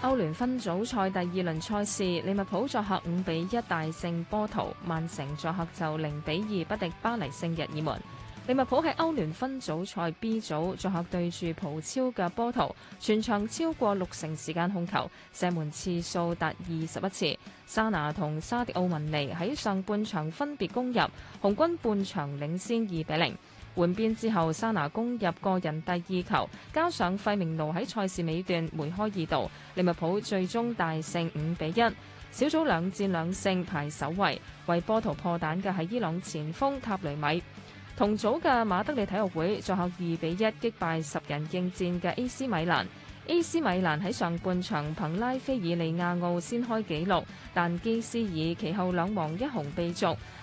歐聯分組賽第二輪賽事，利物浦作客五比一大勝波圖，曼城作客就零比二不敵巴黎聖日耳門。利物浦喺歐聯分組賽 B 組作客對住葡超嘅波圖，全場超過六成時間控球，射門次數達二十一次。沙拿同沙迪奧文尼喺上半場分別攻入，紅軍半場領先二比零。換邊之後，沙拿攻入個人第二球，加上費明奴喺賽事尾段梅開二度，利物浦最終大勝五比一，小組兩戰兩勝排首位。為波圖破蛋嘅係伊朗前鋒塔雷米。同組嘅馬德里體育會作客二比一擊敗十人應戰嘅 AC 米蘭。AC 米蘭喺上半場憑拉菲爾利亞奧先開紀錄，但基斯爾其後兩黃一紅被逐。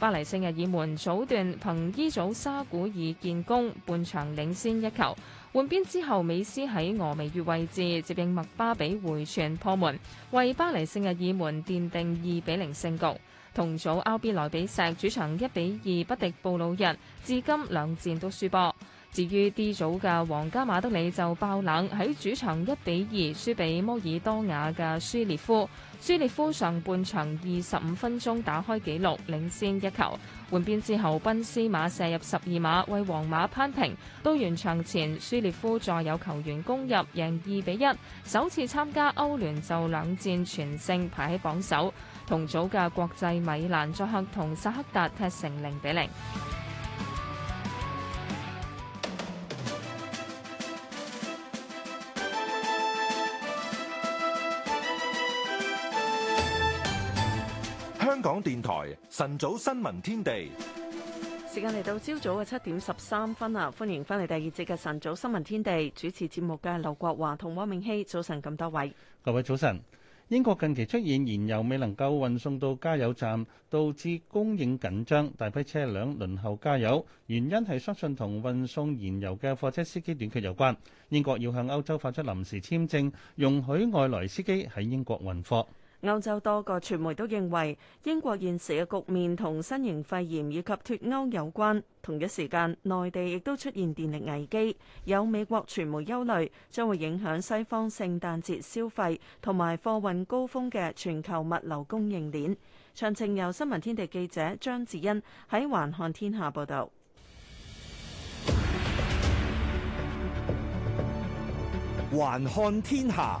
巴黎聖日耳門早段憑伊祖沙古爾建功，半場領先一球。換邊之後，美斯喺蛾眉月位置接應麥巴比回傳破門，為巴黎聖日耳門奠定二比零勝局。同組歐比萊比錫主場一比二不敵布魯日，至今兩戰都輸波。至於 D 組嘅皇家馬德里就爆冷喺主場一比二輸俾摩爾多瓦嘅舒列夫。舒列夫上半場二十五分鐘打開紀錄，領先一球。換邊之後，賓斯馬射入十二碼，為皇馬攀平。到完場前，舒列夫再有球員攻入，贏二比一。首次參加歐聯就兩戰全勝，排喺榜首。同組嘅國際米蘭作客同薩克達踢成零比零。香港電台晨早新聞天地，時間嚟到朝早嘅七點十三分啦，歡迎翻嚟第二節嘅晨早新聞天地，主持節目嘅劉國華同汪明熙，早晨，咁多位，各位早晨。英國近期出現燃油未能夠運送到加油站，導致供應緊張，大批車輛輪候加油，原因係相信同運送燃油嘅貨車司機短缺有關。英國要向歐洲發出臨時簽證，容許外來司機喺英國運貨。歐洲多個傳媒都認為英國現時嘅局面同新型肺炎以及脫歐有關。同一時間，內地亦都出現電力危機。有美國傳媒憂慮，將會影響西方聖誕節消費同埋貨運高峰嘅全球物流供應鏈。詳情由新聞天地記者張智恩喺《環看天下》報道。環看天下。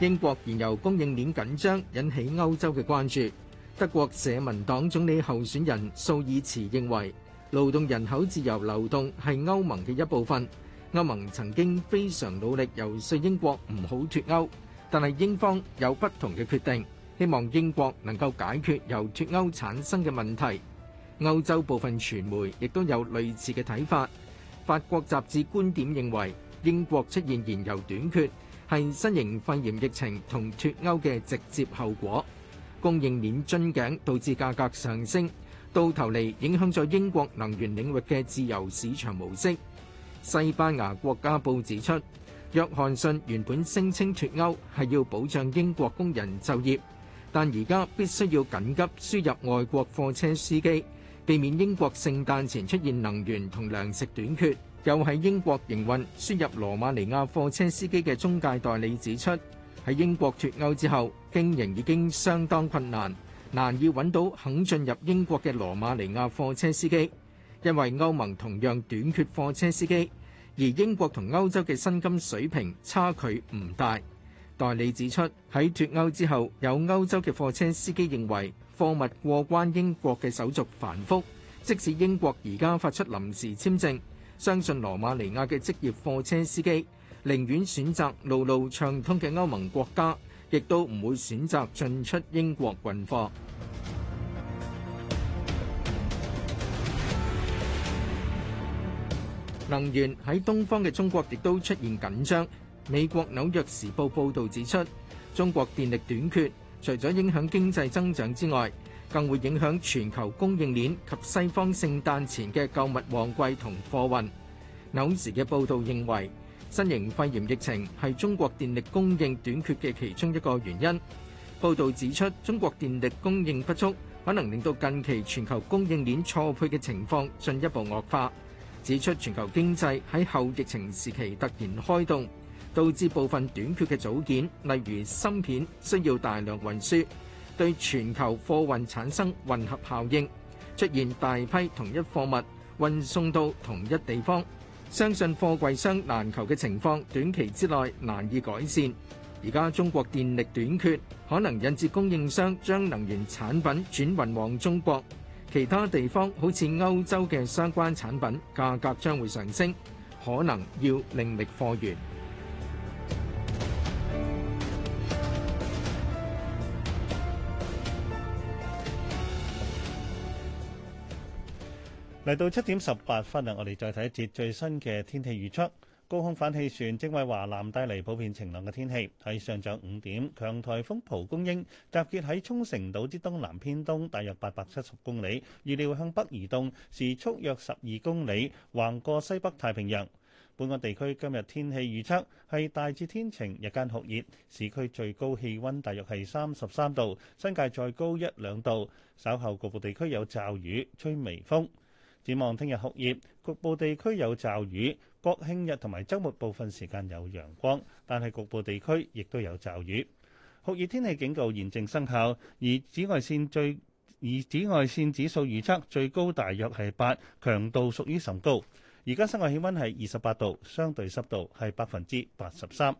英國燃油供應鏈緊張引起歐洲嘅關注。德國社民黨總理候選人蘇爾茨認為，勞動人口自由流動係歐盟嘅一部分。歐盟曾經非常努力游說英國唔好脱歐，但係英方有不同嘅決定。希望英國能夠解決由脱歐產生嘅問題。歐洲部分傳媒亦都有類似嘅睇法。法國雜誌觀點認為，英國出現燃油短缺，係新型肺炎疫情同脱歐嘅直接後果，供應鏈樽頸導致價格上升，到頭嚟影響咗英國能源領域嘅自由市場模式。西班牙國家報指出，約翰遜原本聲稱脱歐係要保障英國工人就業，但而家必須要緊急輸入外國貨車司機，避免英國聖誕前出現能源同糧食短缺。又喺英國營運輸入羅馬尼亞貨車司機嘅中介代理指出，喺英國脱歐之後，經營已經相當困難，難以揾到肯進入英國嘅羅馬尼亞貨車司機，因為歐盟同樣短缺貨車司機，而英國同歐洲嘅薪金水平差距唔大。代理指出，喺脱歐之後，有歐洲嘅貨車司機認為貨物過關英國嘅手續繁複，即使英國而家發出臨時簽證。相信羅馬尼亞嘅職業貨車司機寧願選擇路路暢通嘅歐盟國家，亦都唔會選擇進出英國運貨。能源喺東方嘅中國亦都出現緊張。美國《紐約時報》報導指出，中國電力短缺，除咗影響經濟增長之外，更會影響全球供應鏈及西方聖誕前嘅購物旺季同貨運。紐時嘅報導認為，新型肺炎疫情係中國電力供應短缺嘅其中一個原因。報導指出，中國電力供應不足，可能令到近期全球供應鏈錯配嘅情況進一步惡化。指出全球經濟喺後疫情時期突然開動，導致部分短缺嘅組件，例如芯片，需要大量運輸。對全球貨運產生混合效應，出現大批同一貨物運送到同一地方，相信貨櫃商難求嘅情況短期之內難以改善。而家中國電力短缺，可能引致供應商將能源產品轉運往中國，其他地方好似歐洲嘅相關產品價格將會上升，可能要另覓貨源。嚟到七點十八分啊！我哋再睇一節最新嘅天氣預測。高空反氣旋正為華南帶嚟普遍晴朗嘅天氣，喺上晝五點，強颱風蒲公英集結喺沖繩島之東南偏東，大約八百七十公里，預料向北移動，時速約十二公里，橫過西北太平洋。本港地區今日天氣預測係大致天晴，日間酷熱，市區最高氣温大約係三十三度，新界再高一兩度。稍後局部地區有驟雨，吹微風。展望聽日酷熱，局部地區有驟雨。國慶日同埋周末部分時間有陽光，但係局部地區亦都有驟雨。酷熱天氣警告現正生效，而紫外線最而紫外線指數預測最高大約係八，強度屬於甚高。而家室外氣溫係二十八度，相對濕度係百分之八十三。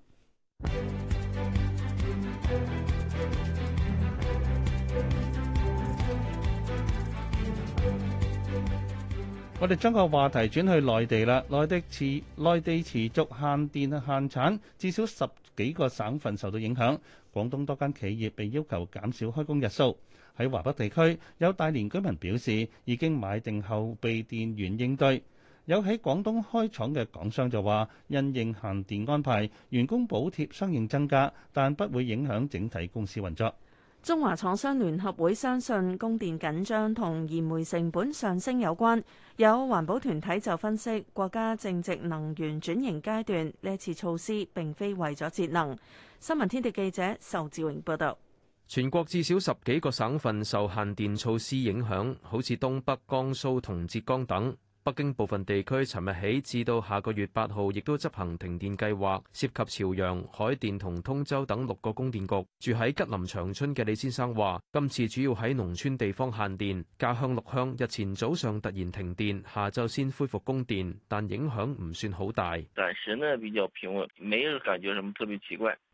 我哋將個話題轉去內地啦。內地持內地持續限電限產，至少十幾個省份受到影響。廣東多間企業被要求減少開工日數。喺華北地區，有大連居民表示已經買定後備電源應對。有喺廣東開廠嘅港商就話，因應限電安排，員工補貼相應增加，但不會影響整體公司運作。中華廠商聯合會相信供電緊張同燃煤成本上升有關。有環保團體就分析，國家正值能源轉型階段，呢次措施並非為咗節能。新聞天地記者仇志榮報道，全國至少十幾個省份受限電措施影響，好似東北、江蘇同浙江等。北京部分地區，尋日起至到下個月八號，亦都執行停電計劃，涉及朝陽、海淀同通州等六個供電局。住喺吉林長春嘅李先生話：今次主要喺農村地方限電，家鄉六鄉日前早上突然停電，下晝先恢復供電，但影響唔算好大。暫時呢，比較平穩，冇乜感覺咩特別奇怪。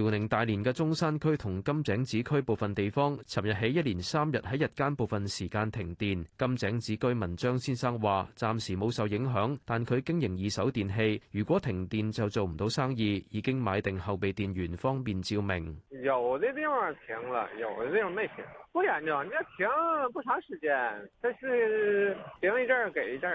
遼寧大連嘅中山區同金井子區部分地方，尋日起一連三日喺日間部分時間停電。金井子居民張先生話：暫時冇受影響，但佢經營二手電器，如果停電就做唔到生意，已經買定後備電源方便照明。有的地方停了，有的地方沒停。不嚴重，你停不長時間，但是停一陣給一陣，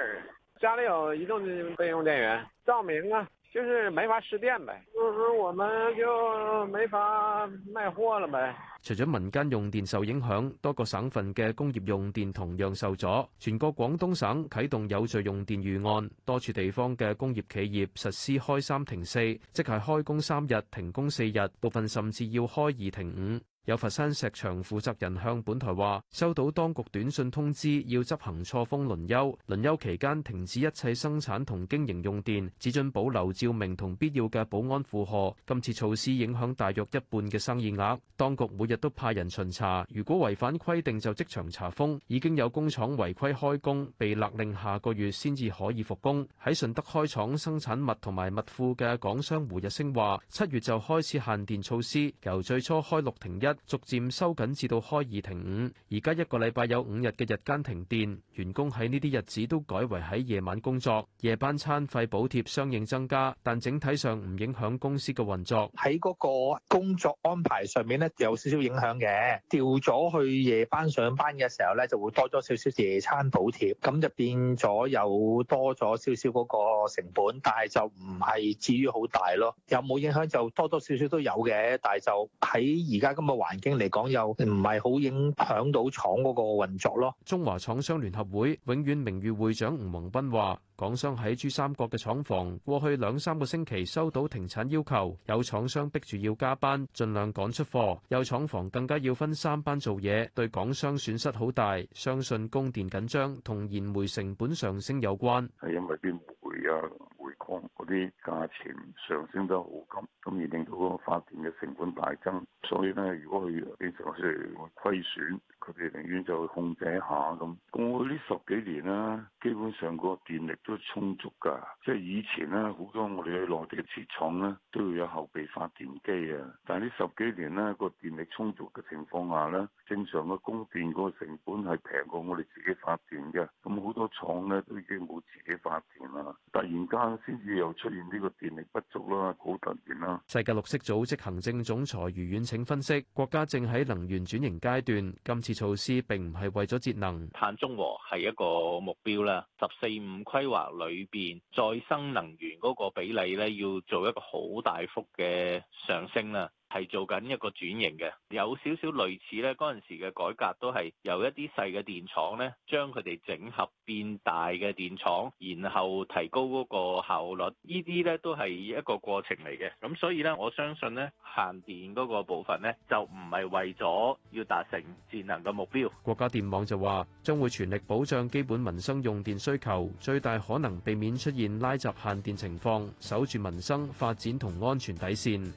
家裏有移動備用電源照明啊。就是沒法試電唄，就是我們就沒法賣貨了唄。除咗民間用電受影響，多個省份嘅工業用電同樣受阻。全國廣東省啟動有序用電預案，多處地方嘅工業企業實施開三停四，即係開工三日停工四日，部分甚至要開二停五。有佛山石場負責人向本台話：收到當局短信通知，要執行錯峰輪休。輪休期間停止一切生產同經營用電，只准保留照明同必要嘅保安負荷。今次措施影響大約一半嘅生意額。當局每日都派人巡查，如果違反規定就即場查封。已經有工廠違規開工，被勒令下個月先至可以復工。喺順德開廠生產襪同埋襪褲嘅港商胡日升話：七月就開始限電措施，由最初開六停一。逐漸收緊，至到開二停五。而家一個禮拜有五日嘅日間停電，員工喺呢啲日子都改為喺夜晚工作。夜班餐費補貼相應增加，但整體上唔影響公司嘅運作。喺嗰個工作安排上面呢，有少少影響嘅，調咗去夜班上班嘅時候呢，就會多咗少少夜餐補貼，咁就變咗有多咗少少嗰個成本，但係就唔係至於好大咯。有冇影響就多多少少都有嘅，但係就喺而家咁嘅環環境嚟講又唔係好影響到廠嗰個運作咯。中華廠商聯合會永遠名譽會長吳宏斌話。港商喺珠三角嘅廠房，過去兩三個星期收到停產要求，有廠商逼住要加班，盡量趕出貨，有廠房更加要分三班做嘢，對港商損失好大。相信供電緊張同燃煤成本上升有關，係因為啲煤啊、煤礦嗰啲價錢上升得好急，咁而令到個發電嘅成本大增，所以咧，如果佢非常之會虧損。佢哋寧願就會控制一下咁，過呢十幾年啦，基本上個電力都充足㗎，即係以前咧，好多我哋喺內地設廠咧，都要有後備發電機啊。但係呢十幾年咧，個電力充足嘅情況下咧，正常嘅供電嗰個成本係平過我哋自己發電嘅，咁好多廠咧都已經冇自己發電啦。突然間先至又出現呢個電力不足啦，好突然啦。世界綠色組織行政總裁余遠騁分析，國家正喺能源轉型階段，今次。措施並唔係為咗節能，碳中和係一個目標啦。十四五規劃裏邊再生能源嗰個比例咧，要做一個好大幅嘅上升啦。係做緊一個轉型嘅，有少少類似呢，嗰陣時嘅改革，都係由一啲細嘅電廠咧，將佢哋整合變大嘅電廠，然後提高嗰個效率。呢啲呢都係一個過程嚟嘅。咁所以呢，我相信呢，限電嗰個部分呢，就唔係為咗要達成節能嘅目標。國家電網就話將會全力保障基本民生用電需求，最大可能避免出現拉閘限電情況，守住民生發展同安全底線。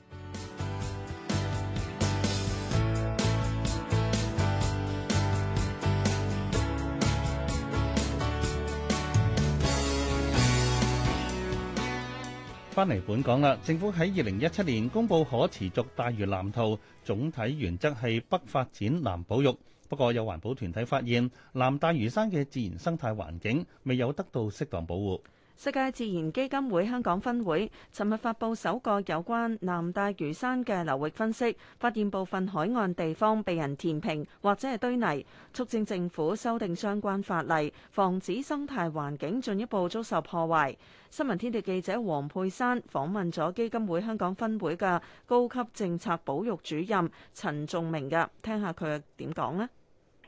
翻嚟本港啦，政府喺二零一七年公布可持續大嶼藍圖，總體原則係北發展南保育。不過有環保團體發現，南大嶼山嘅自然生態環境未有得到適當保護。世界自然基金會香港分會尋日發布首個有關南大嶼山嘅流域分析，發現部分海岸地方被人填平或者係堆泥，促請政府修訂相關法例，防止生態環境進一步遭受破壞，新聞天地記者黃佩珊訪問咗基金會香港分會嘅高級政策保育主任陳仲明嘅，聽下佢點講呢？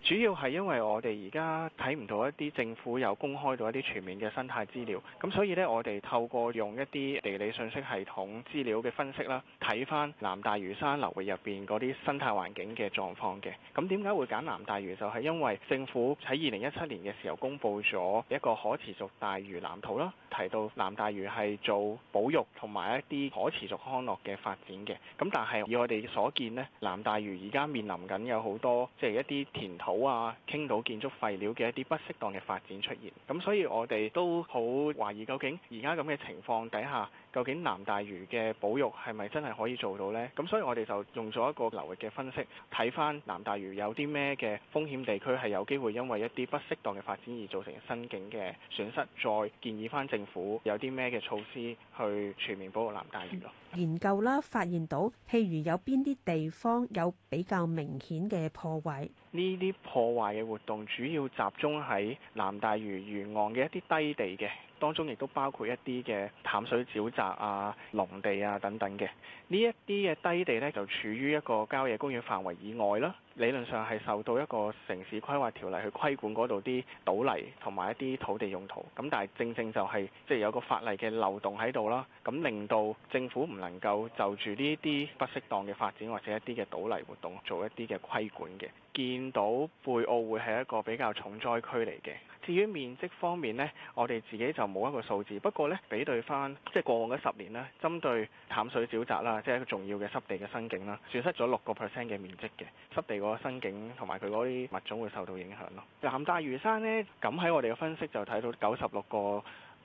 主要係因為我哋而家睇唔到一啲政府有公開到一啲全面嘅生態資料，咁所以咧，我哋透過用一啲地理信息系統資料嘅分析啦，睇翻南大嶼山流域入邊嗰啲生態環境嘅狀況嘅。咁點解會揀南大嶼就係、是、因為政府喺二零一七年嘅時候公布咗一個可持續大嶼藍圖啦，提到南大嶼係做保育同埋一啲可持續康樂嘅發展嘅。咁但係以我哋所見咧，南大嶼而家面臨緊有好多即係、就是、一啲填土。冇啊，傾到建築廢料嘅一啲不適當嘅發展出現。咁所以我哋都好懷疑，究竟而家咁嘅情況底下。究竟南大嶼嘅保育係咪真係可以做到咧？咁所以我哋就用咗一個流域嘅分析，睇翻南大嶼有啲咩嘅風險地區係有機會因為一啲不適當嘅發展而造成新境嘅損失，再建議翻政府有啲咩嘅措施去全面保護南大嶼咯。研究啦，發現到譬如有邊啲地方有比較明顯嘅破壞，呢啲破壞嘅活動主要集中喺南大嶼沿岸嘅一啲低地嘅。當中亦都包括一啲嘅淡水沼澤啊、農地啊等等嘅，呢一啲嘅低地呢，就處於一個郊野公園範圍以外啦，理論上係受到一個城市規劃條例去規管嗰度啲倒泥同埋一啲土地用途。咁但係正正就係即係有個法例嘅漏洞喺度啦，咁令到政府唔能夠就住呢啲不適當嘅發展或者一啲嘅倒泥活動做一啲嘅規管嘅。見到貝澳會係一個比較重災區嚟嘅。至於面積方面呢，我哋自己就冇一個數字。不過呢，比對返即係過往嘅十年呢，針對淡水沼澤啦，即係一個重要嘅濕地嘅生境啦，損失咗六個 percent 嘅面積嘅濕地嗰個生境同埋佢嗰啲物種會受到影響咯。南大嶼山呢，咁喺我哋嘅分析就睇到九十六個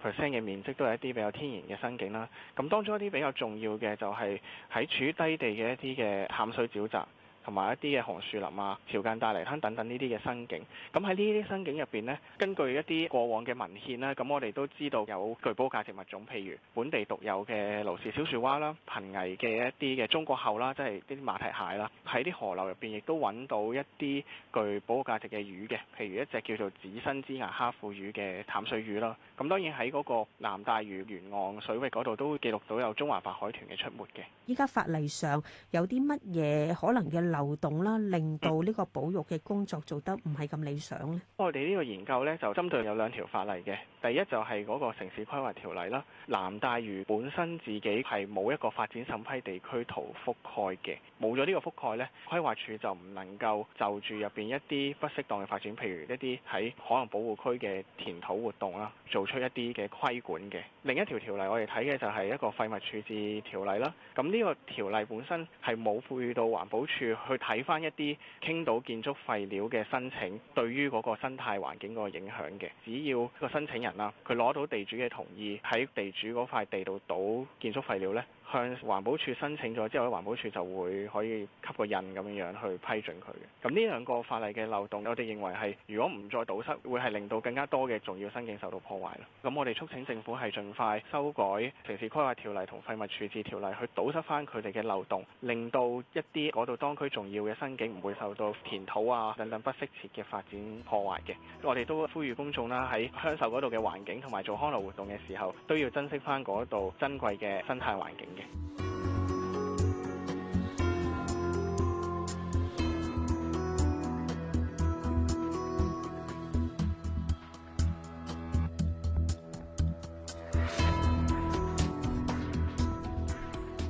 percent 嘅面積都係一啲比較天然嘅生境啦。咁當中一啲比較重要嘅就係喺處於低地嘅一啲嘅淡水沼澤。同埋一啲嘅紅樹林啊、潮間帶泥灘等等呢啲嘅生境。咁喺呢啲生境入邊呢，根據一啲過往嘅文獻啦，咁我哋都知道有具保護價值物種，譬如本地獨有嘅盧氏小樹蛙啦、瀕危嘅一啲嘅中國鱟啦，即係啲馬蹄蟹啦。喺啲河流入邊亦都揾到一啲具保護價值嘅魚嘅，譬如一隻叫做紫身之牙蝦虎魚嘅淡水魚啦。咁當然喺嗰個南大嶼沿岸水域嗰度都記錄到有中華白海豚嘅出沒嘅。依家法例上有啲乜嘢可能嘅漏洞啦，令到呢個保育嘅工作做得唔係咁理想咧。我哋呢個研究咧就針對有兩條法例嘅，第一就係嗰個城市規劃條例啦。南大嶼本身自己係冇一個發展審批地區圖覆蓋嘅。冇咗呢個覆蓋呢，規劃署就唔能夠就住入邊一啲不適當嘅發展，譬如一啲喺海洋保護區嘅填土活動啦，做出一啲嘅規管嘅。另一條條例我哋睇嘅就係一個廢物處置條例啦。咁呢個條例本身係冇賦予到環保署去睇翻一啲傾倒建築廢料嘅申請，對於嗰個生態環境嗰個影響嘅。只要個申請人啦，佢攞到地主嘅同意喺地主嗰塊地度倒建築廢料呢。向環保署申請咗之後，環保署就會可以吸個印咁樣樣去批准佢嘅。咁呢兩個法例嘅漏洞，我哋認為係如果唔再堵塞，會係令到更加多嘅重要生境受到破壞啦。咁我哋促請政府係盡快修改城市規劃條例同廢物處置條例，去堵塞返佢哋嘅漏洞，令到一啲嗰度當區重要嘅生境唔會受到填土啊等等不適切嘅發展破壞嘅。我哋都呼籲公眾啦，喺享受嗰度嘅環境同埋做康樂活動嘅時候，都要珍惜返嗰度珍貴嘅生態環境。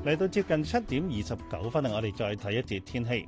嚟到接近七點二十九分啊！我哋再睇一節天氣。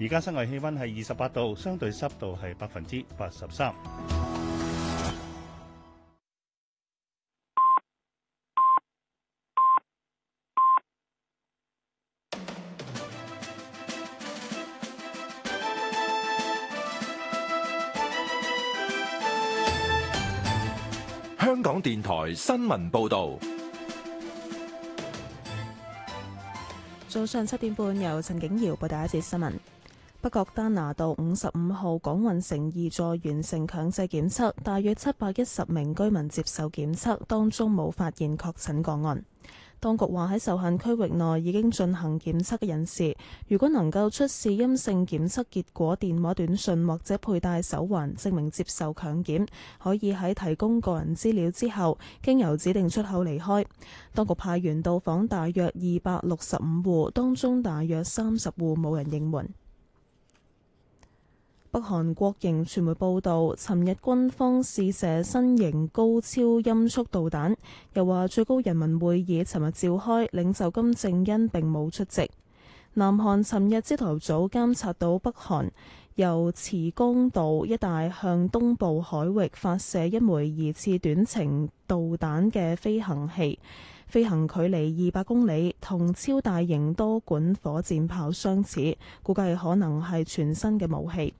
而家室外氣溫係二十八度，相對濕度係百分之八十三。香港電台新聞報導，早上七點半由陳景瑤報第一節新聞。北角丹拿道五十五號港運城二座完成強制檢測，大約七百一十名居民接受檢測，當中冇發現確診個案。當局話喺受限區域內已經進行檢測嘅人士，如果能夠出示陰性檢測結果、電話短訊或者佩戴手環證明接受強檢，可以喺提供個人資料之後，經由指定出口離開。當局派員到訪大約二百六十五戶，當中大約三十戶冇人應門。北韓國營傳媒報導，尋日軍方試射新型高超音速導彈，又話最高人民會議尋日召開，領袖金正恩並冇出席。南韓尋日朝頭早監察到北韓由慈江道一帶向東部海域發射一枚疑似短程導彈嘅飛行器，飛行距離二百公里，同超大型多管火箭炮相似，估計可能係全新嘅武器。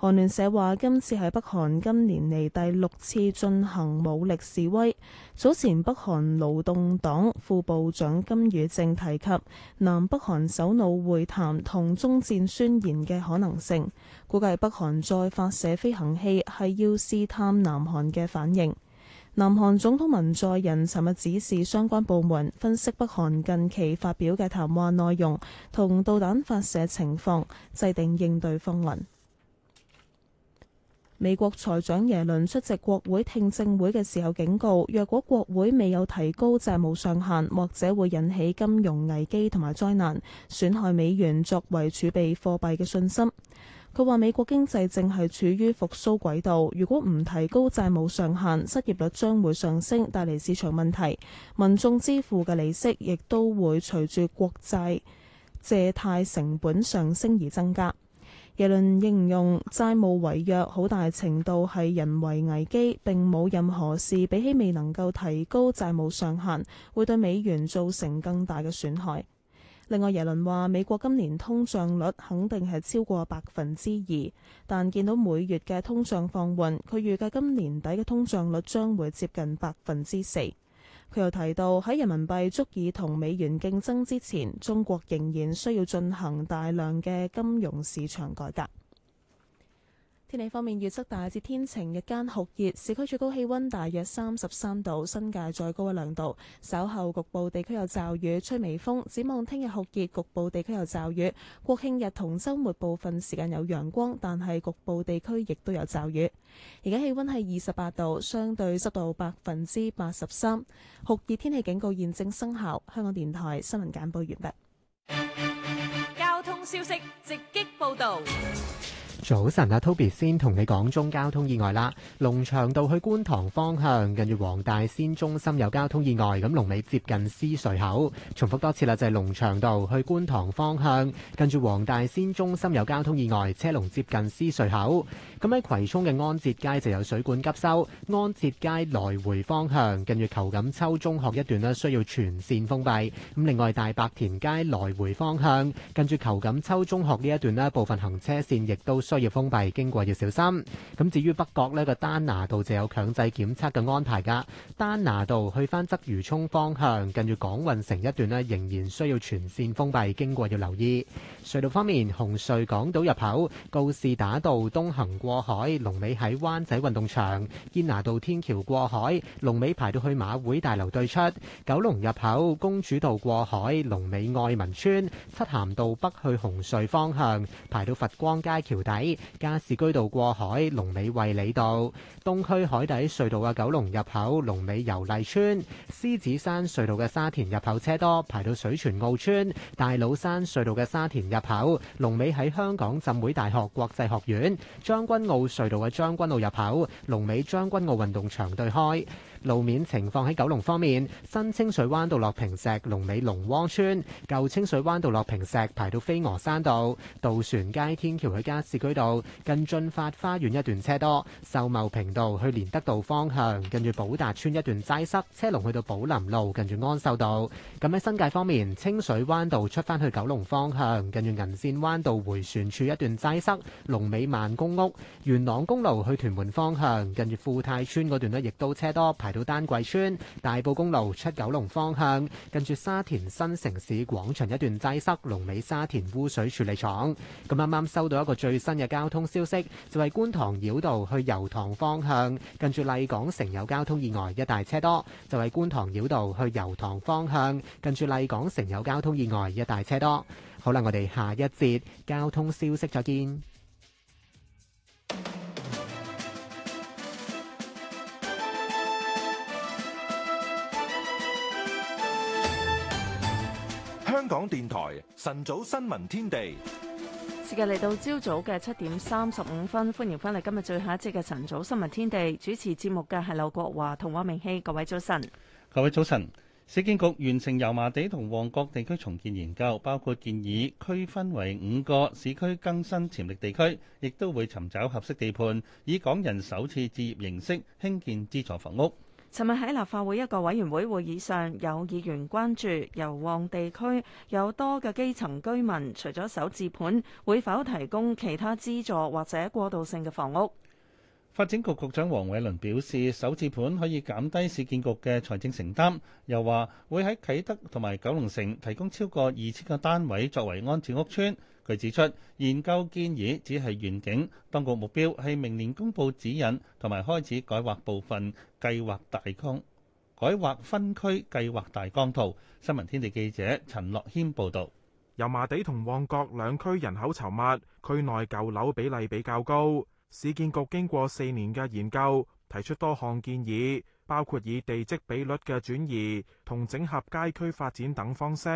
韓聯社話：今次係北韓今年嚟第六次進行武力示威。早前北韓勞動黨副部長金與正提及南北韓首腦會談同終戰宣言嘅可能性。估計北韓再發射飛行器係要試探南韓嘅反應。南韓總統文在寅尋日指示相關部門分析北韓近期發表嘅談話內容同導彈發射情況，制定應對方案。美國財長耶倫出席國會聽證會嘅時候警告，若果國會未有提高債務上限，或者會引起金融危機同埋災難，損害美元作為儲備貨幣嘅信心。佢話美國經濟正係處於復甦軌道，如果唔提高債務上限，失業率將會上升，帶嚟市場問題。民眾支付嘅利息亦都會隨住國債借貸成本上升而增加。耶倫形容債務違約好大程度係人為危機，並冇任何事比起未能夠提高債務上限，會對美元造成更大嘅損害。另外，耶倫話美國今年通脹率肯定係超過百分之二，但見到每月嘅通脹放緩，佢預計今年底嘅通脹率將會接近百分之四。佢又提到，喺人民幣足以同美元競爭之前，中國仍然需要進行大量嘅金融市場改革。天氣方面，預測大致天晴，日間酷熱，市區最高氣溫大約三十三度，新界再高一兩度。稍後局部地區有驟雨，吹微風。展望聽日酷熱，局部地區有驟雨。國慶日同週末部分時間有陽光，但係局部地區亦都有驟雨。而家氣溫係二十八度，相對濕度百分之八十三，酷熱天氣警告現正生效。香港電台新聞簡報完畢。交通消息直擊報道。早晨啊，Toby 先同你講中交通意外啦。龍翔道去觀塘方向，近住黃大仙中心有交通意外，咁龍尾接近獅隧口。重複多次啦，就係龍翔道去觀塘方向，近住黃大仙中心有交通意外，車龍接近獅隧口。咁喺葵涌嘅安捷街就有水管急修，安捷街來回方向近住裘錦秋中學一段咧，需要全線封閉，咁另外大白田街來回方向近住裘錦秋中學呢一段咧，部分行車線亦都需要封閉，經過要小心。咁至於北角咧，個丹拿道就有強制檢測嘅安排㗎，丹拿道去翻鰂魚涌方向近住港運城一段咧，仍然需要全線封閉，經過要留意。隧道方面，紅隧港島入口告士打道東行，過海龍尾喺灣仔運動場，堅拿道天橋過海龍尾排到去馬會大樓對出九龍入口，公主道過海龍尾愛民村，漆咸道北去紅隧方向排到佛光街橋底，加士居道過海龍尾衛理道，東區海底隧道嘅九龍入口龍尾油麗村，獅子山隧道嘅沙田入口車多排到水泉澳村，大老山隧道嘅沙田入口龍尾喺香港浸會大學國際學院將軍。將軍澳隧道嘅將軍澳入口，龍尾將軍澳運動場對開。路面情況喺九龍方面，新清水灣道落坪石、龍尾龍窩村、舊清水灣道落坪石排到飛鵝山道、渡船街天橋去加士居道，近進發花園一段車多；秀茂坪道去連德道方向，近住寶達邨一段齋塞，車龍去到寶林路，近住安秀道。咁喺新界方面，清水灣道出翻去九龍方向，近住銀線灣道回旋處一段齋塞；龍尾萬公屋、元朗公路去屯門方向，近住富泰村嗰段咧亦都車多。嚟到丹桂村大埔公路出九龍方向，近住沙田新城市廣場一段擠塞，龍尾沙田污水處理廠。咁啱啱收到一個最新嘅交通消息，就係觀塘繞道去油塘方向，近住麗港城有交通意外，一帶車多。就係觀塘繞道去油塘方向，近住麗港城有交通意外，一帶車多。好啦，我哋下一節交通消息，再見。香港電台晨早新聞天地，時間嚟到朝早嘅七點三十五分，歡迎翻嚟今日最後一節嘅晨早新聞天地。主持節目嘅係劉國華同我明熙，各位早晨，各位早晨。市建局完成油麻地同旺角地區重建研究，包括建議區分為五個市區更新潛力地區，亦都會尋找合適地盤，以港人首次置業形式興建資助房屋。尋日喺立法會一個委員會會議上，有議員關注油旺地區有多個嘅基層居民，除咗首置盤，會否提供其他資助或者過渡性嘅房屋。發展局局長黃偉綸表示，首置盤可以減低市建局嘅財政承擔，又話會喺啟德同埋九龍城提供超過二千個單位作為安置屋邨。佢指出，研究建議只係願景，當局目標係明年公布指引，同埋開始改劃部分計劃大綱、改劃分區計劃大綱圖。新聞天地記者陳樂謙報道。油麻地同旺角兩區人口稠密，區內舊樓比例比較高。市建局經過四年嘅研究，提出多項建議，包括以地積比率嘅轉移同整合街區發展等方式。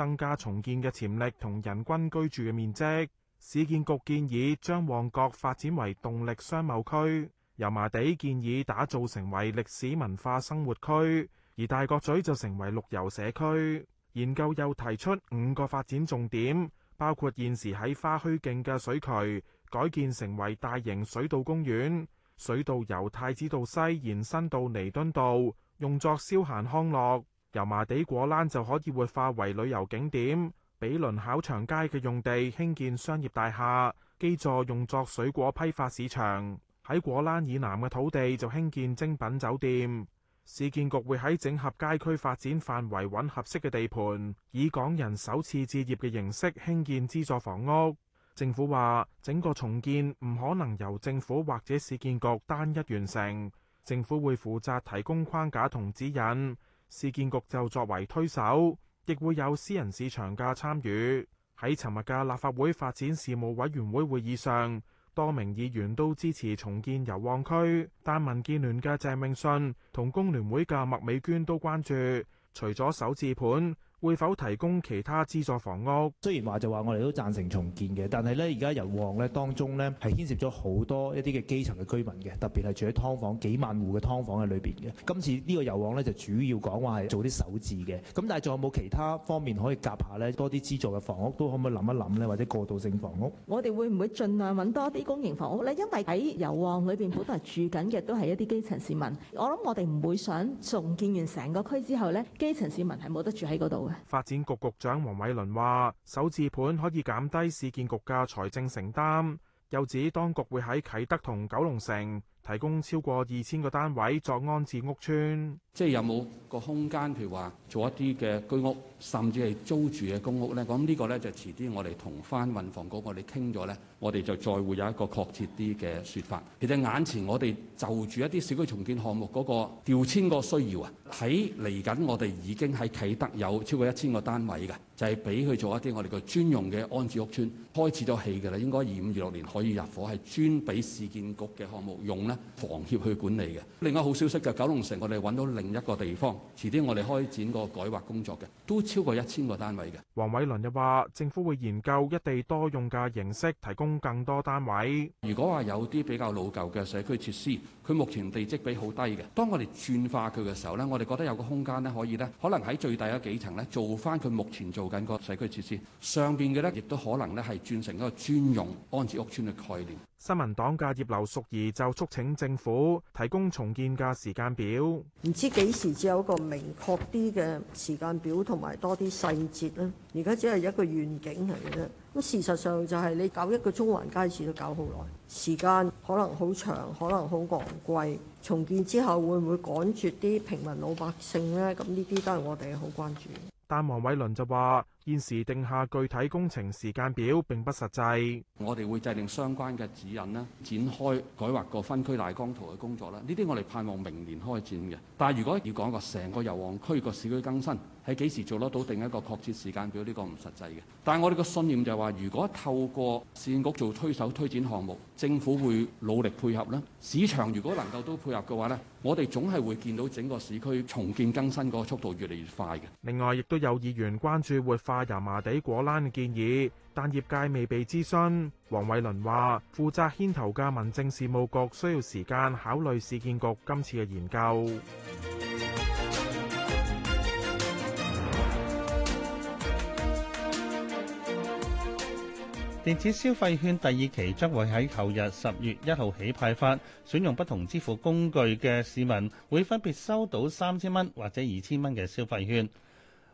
增加重建嘅潛力同人均居住嘅面積，市建局建議將旺角發展為動力商貿區；油麻地建議打造成為歷史文化生活區，而大角咀就成為綠遊社區。研究又提出五個發展重點，包括現時喺花墟徑嘅水渠改建成為大型水道公園，水道由太子道西延伸到彌敦道，用作消閒康樂。油麻地果欄就可以活化為旅遊景點，比鄰考場街嘅用地興建商業大廈，基座用作水果批發市場。喺果欄以南嘅土地就興建精品酒店。市建局會喺整合街區發展範圍，穩合適嘅地盤以港人首次置業嘅形式興建資助房屋。政府話整個重建唔可能由政府或者市建局單一完成，政府會負責提供框架同指引。市建局就作為推手，亦會有私人市場嘅參與。喺尋日嘅立法會發展事務委員會會議上，多名議員都支持重建油旺區，但民建聯嘅鄭泳舜同工聯會嘅麥美娟都關注，除咗首置盤，會否提供其他資助房屋？雖然話就話我哋都贊成重建嘅，但係咧而家油旺咧當中咧係牽涉咗好多一啲嘅基層嘅居民嘅，特別係住喺劏房幾萬戶嘅劏房喺裏邊嘅。今次呢個油旺咧就主要講話係做啲首置嘅，咁但係仲有冇其他方面可以夾下咧？多啲資助嘅房屋都可唔可以諗一諗咧？或者過渡性房屋？我哋會唔會盡量揾多啲公營房屋咧？因為喺油旺裏邊本來住緊嘅都係一啲基層市民，我諗我哋唔會想重建完成個區之後咧，基層市民係冇得住喺嗰度。發展局局長黃偉綸話，首置盤可以減低市建局嘅財政承擔，又指當局會喺啟德同九龍城，提供超過二千個單位作安置屋邨，即係有冇個空間，譬如話做一啲嘅居屋，甚至係租住嘅公屋咧？我呢個咧就遲啲我哋同翻運房局我哋傾咗咧，我哋就再會有一個確切啲嘅説法。其實眼前我哋就住一啲社區重建項目嗰個調遷個需要啊，喺嚟緊我哋已經喺啟德有超過一千個單位嘅，就係俾佢做一啲我哋個專用嘅安置屋邨。開始咗起㗎啦，應該二五二六年可以入伙，係專俾市建局嘅項目用咧。房協去管理嘅。另一好消息嘅，九龍城我哋揾到另一個地方，遲啲我哋開展個改劃工作嘅，都超過一千個單位嘅。黃偉倫又話：政府會研究一地多用嘅形式，提供更多單位。如果話有啲比較老舊嘅社區設施，佢目前地積比好低嘅，當我哋轉化佢嘅時候呢，我哋覺得有個空間呢，可以呢，可能喺最低嘅幾層呢，做翻佢目前做緊個社區設施，上邊嘅呢，亦都可能呢，係轉成一個專用安置屋邨嘅概念。新民黨嘅葉劉淑儀就促請政府提供重建嘅時間表，唔知幾時只有一個明確啲嘅時間表同埋多啲細節啦。而家只係一個願景嚟嘅啫。咁事實上就係你搞一個中環街市都搞好耐，時間可能好長，可能好昂貴。重建之後會唔會趕絕啲平民老百姓咧？咁呢啲都係我哋好關注。但黃偉綸就話。現時定下具體工程時間表並不實際。我哋會製定相關嘅指引啦，展開改劃個分區大綱圖嘅工作啦。呢啲我哋盼望明年開展嘅。但係如果要講個成個油旺區個市區更新，喺幾時做得到定一個確切時間表呢？呢個唔實際嘅。但係我哋個信念就係話，如果透過市建局做推手推展項目，政府會努力配合啦。市場如果能夠都配合嘅話呢，我哋總係會見到整個市區重建更新嗰個速度越嚟越快嘅。另外，亦都有議員關注活化。阿油麻地果欄嘅建議，但業界未被諮詢。黃慧倫話：負責牽頭嘅民政事務局需要時間考慮市建局今次嘅研究。電子消費券第二期將會喺後日十月一號起派發，選用不同支付工具嘅市民會分別收到三千蚊或者二千蚊嘅消費券。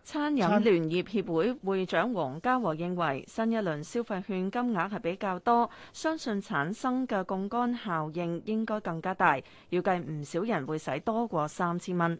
餐飲聯業協會會長黃家和認為，新一輪消費券金額係比較多，相信產生嘅槓桿效應應該更加大，預計唔少人會使多過三千蚊。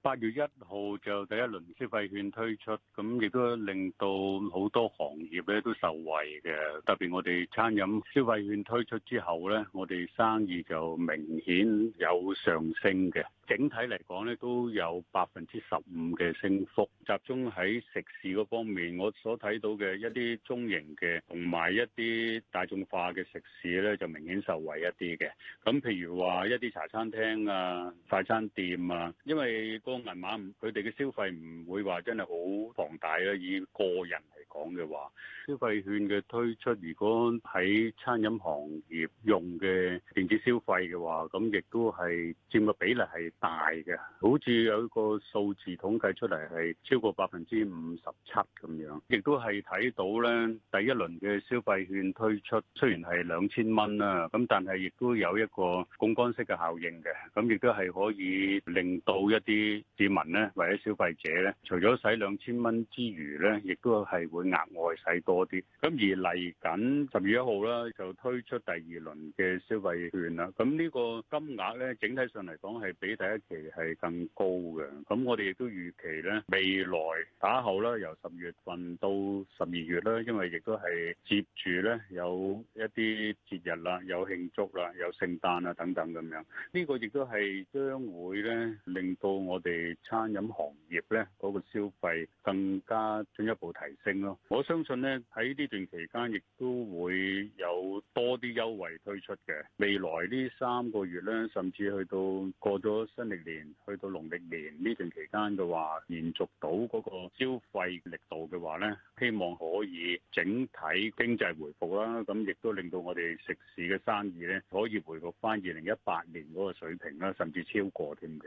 八月一號就第一輪消費券推出，咁亦都令到好多行業咧都受惠嘅，特別我哋餐飲消費券推出之後咧，我哋生意就明顯有上升嘅。整體嚟講咧，都有百分之十五嘅升幅，集中喺食肆嗰方面。我所睇到嘅一啲中型嘅同埋一啲大眾化嘅食肆咧，就明顯受惠一啲嘅。咁譬如話一啲茶餐廳啊、快餐店啊，因為個銀碼佢哋嘅消費唔會話真係好龐大啦。以個人嚟講嘅話，消費券嘅推出，如果喺餐飲行業用嘅電子消費嘅話，咁亦都係佔嘅比例係大嘅，好似有一個數字統計出嚟係超過百分之五十七咁樣，亦都係睇到咧，第一輪嘅消費券推出雖然係兩千蚊啦，咁但係亦都有一個槓桿式嘅效應嘅，咁亦都係可以令到一啲市民咧，或者消費者咧，除咗使兩千蚊之餘咧，亦都係會額外使多啲。咁而嚟緊十月一號啦，就推出第二輪嘅消費券啦，咁呢個金額咧，整體上嚟講係比第第一期係更高嘅，咁我哋亦都預期咧，未來打後啦，由十月份到十二月啦，因為亦都係接住咧有一啲節日啦，有慶祝啦，有聖誕啊等等咁樣，呢個亦都係將會咧令到我哋餐飲行業咧嗰個消費更加進一步提升咯。我相信咧喺呢段期間亦都會有多啲優惠推出嘅。未來呢三個月咧，甚至去到過咗，新曆年去到農曆年呢段期間嘅話，延續到嗰個消費力度嘅話呢，希望可以整體經濟回復啦，咁亦都令到我哋食肆嘅生意呢，可以回復翻二零一八年嗰個水平啦，甚至超過添嘅。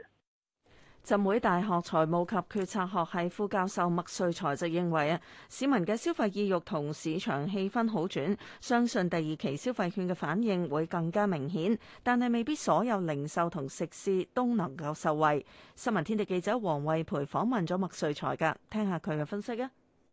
浸會大學財務及決策學系副教授麥瑞才就認為啊，市民嘅消費意欲同市場氣氛好轉，相信第二期消費券嘅反應會更加明顯，但係未必所有零售同食肆都能夠受惠。新聞天地記者黃慧培訪問咗麥瑞才噶，聽下佢嘅分析啊。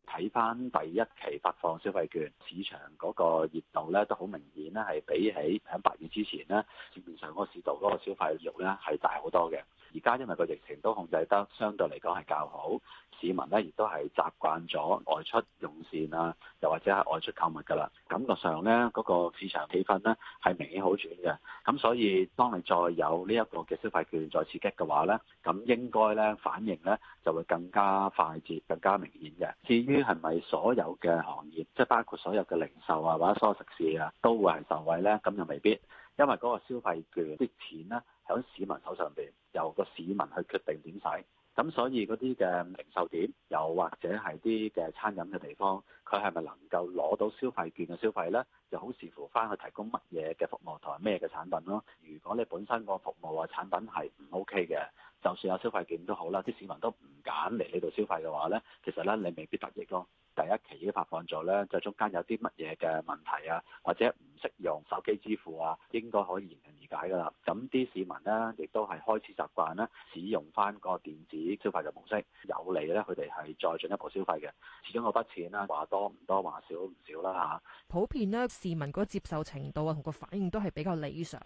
睇翻第一期發放消費券，市場嗰個熱度咧都好明顯啦，係比起喺八月之前咧，前面上嗰市道嗰個消費意欲咧係大好多嘅。而家因為個疫情都控制得相對嚟講係較好，市民咧亦都係習慣咗外出用膳啊，又或者係外出購物㗎啦。感覺上咧，嗰個市場氣氛咧係明顯好轉嘅。咁所以，當你再有呢一個嘅消費券再刺激嘅話咧，咁應該咧反應咧就會更加快捷、更加明顯嘅。至於係咪所有嘅行業，即係包括所有嘅零售啊，或者所有食肆啊，都會係受惠咧？咁又未必。因為嗰個消費券啲錢呢，喺市民手上邊，由個市民去決定點使。咁所以嗰啲嘅零售店，又或者係啲嘅餐飲嘅地方，佢係咪能夠攞到消費券嘅消費呢？就好視乎翻去提供乜嘢嘅服務同埋咩嘅產品咯。如果你本身個服務呀產品係唔 OK 嘅，就算有消費券都好啦，啲市民都唔揀嚟呢度消費嘅話呢，其實呢，你未必得益咯。第一期已經發放咗呢，就中間有啲乜嘢嘅問題啊，或者？適用手機支付啊，應該可以迎刃而解㗎啦。咁啲市民呢，亦都係開始習慣啦，使用返個電子消費嘅模式，有利呢佢哋係再進一步消費嘅。始終嗰筆錢啦，話多唔多，話少唔少啦嚇。普遍呢，市民個接受程度啊同個反應都係比較理想，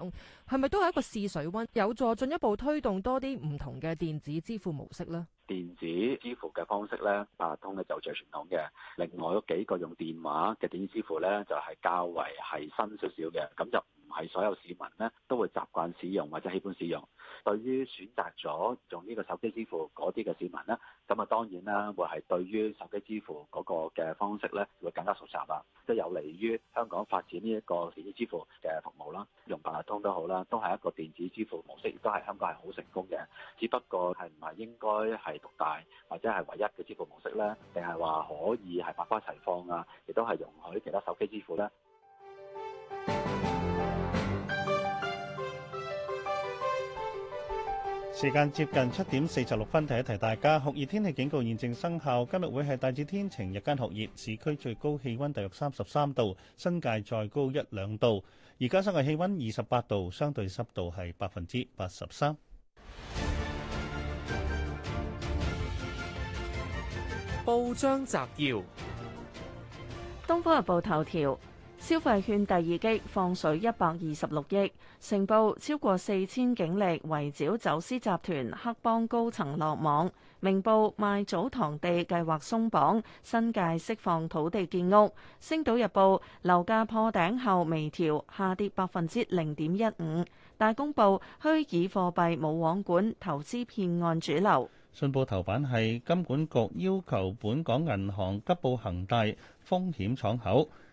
係咪都係一個試水溫，有助進一步推動多啲唔同嘅電子支付模式呢？呢是是是電子支付嘅方式呢，八達通呢就最傳統嘅，另外嗰幾個用電話嘅電子支付呢，就係、是、較為係。少少嘅，咁就唔係所有市民咧都會習慣使用或者喜歡使用。對於選擇咗用呢個手機支付嗰啲嘅市民咧，咁啊當然啦，會係對於手機支付嗰個嘅方式咧會更加熟習啦，即係有利於香港發展呢一個電子支付嘅服務啦。用八達通都好啦，都係一個電子支付模式，亦都係香港係好成功嘅。只不過係唔係應該係獨大或者係唯一嘅支付模式咧？定係話可以係百花齊放啊？亦都係容許其他手機支付咧？時間接近七點四十六分，提一提大家，酷熱天氣警告現正生效。今日會係大致天晴，日間酷熱，市區最高氣温大約三十三度，新界再高一兩度。而家室外氣温二十八度，相對濕度係百分之八十三。報章摘要：東方日報頭條。消費券第二擊放水一百二十六億，成報超過四千警力圍剿走私集團黑幫高層落網。明報賣祖堂地計劃鬆綁,綁，新界釋放土地建屋。星島日報樓價破頂後微調，下跌百分之零點一五。大公報虛擬貨幣冇網管，投資騙案主流。信報頭版係金管局要求本港銀行急報恒大風險敞口。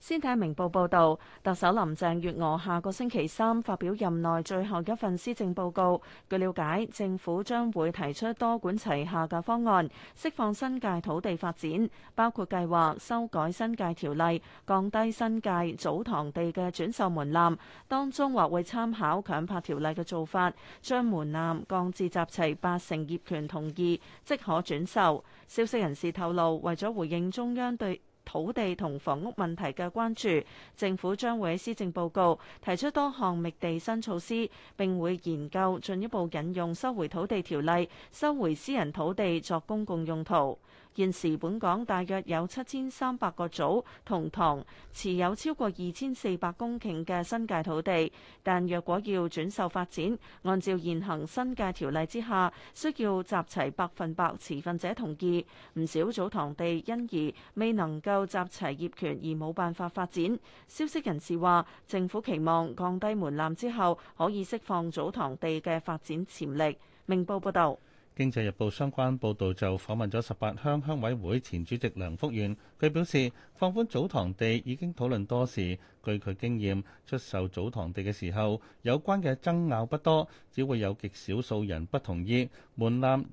先睇明報報導，特首林鄭月娥下個星期三發表任內最後一份施政報告。據了解，政府將會提出多管齊下嘅方案，釋放新界土地發展，包括計劃修改新界條例，降低新界祖堂地嘅轉售門檻，當中或會參考強拍條例嘅做法，將門檻降至集齊八成業權同意即可轉售。消息人士透露，為咗回應中央對土地同房屋問題嘅關注，政府將會喺施政報告提出多項覓地新措施，並會研究進一步引用收回土地條例，收回私人土地作公共用途。現時本港大約有七千三百個祖同堂持有超過二千四百公頃嘅新界土地，但若果要轉售發展，按照現行新界條例之下，需要集齊百分百持份者同意。唔少祖堂地因而未能夠集齊業權而冇辦法發展。消息人士話，政府期望降低門檻之後，可以釋放祖堂地嘅發展潛力。明報報道。經濟日報相關報導就訪問咗十八鄉鄉委會前主席梁福元，佢表示放寬祖堂地已經討論多時。據佢經驗，出售祖堂地嘅時候，有關嘅爭拗不多，只會有極少數人不同意。門檻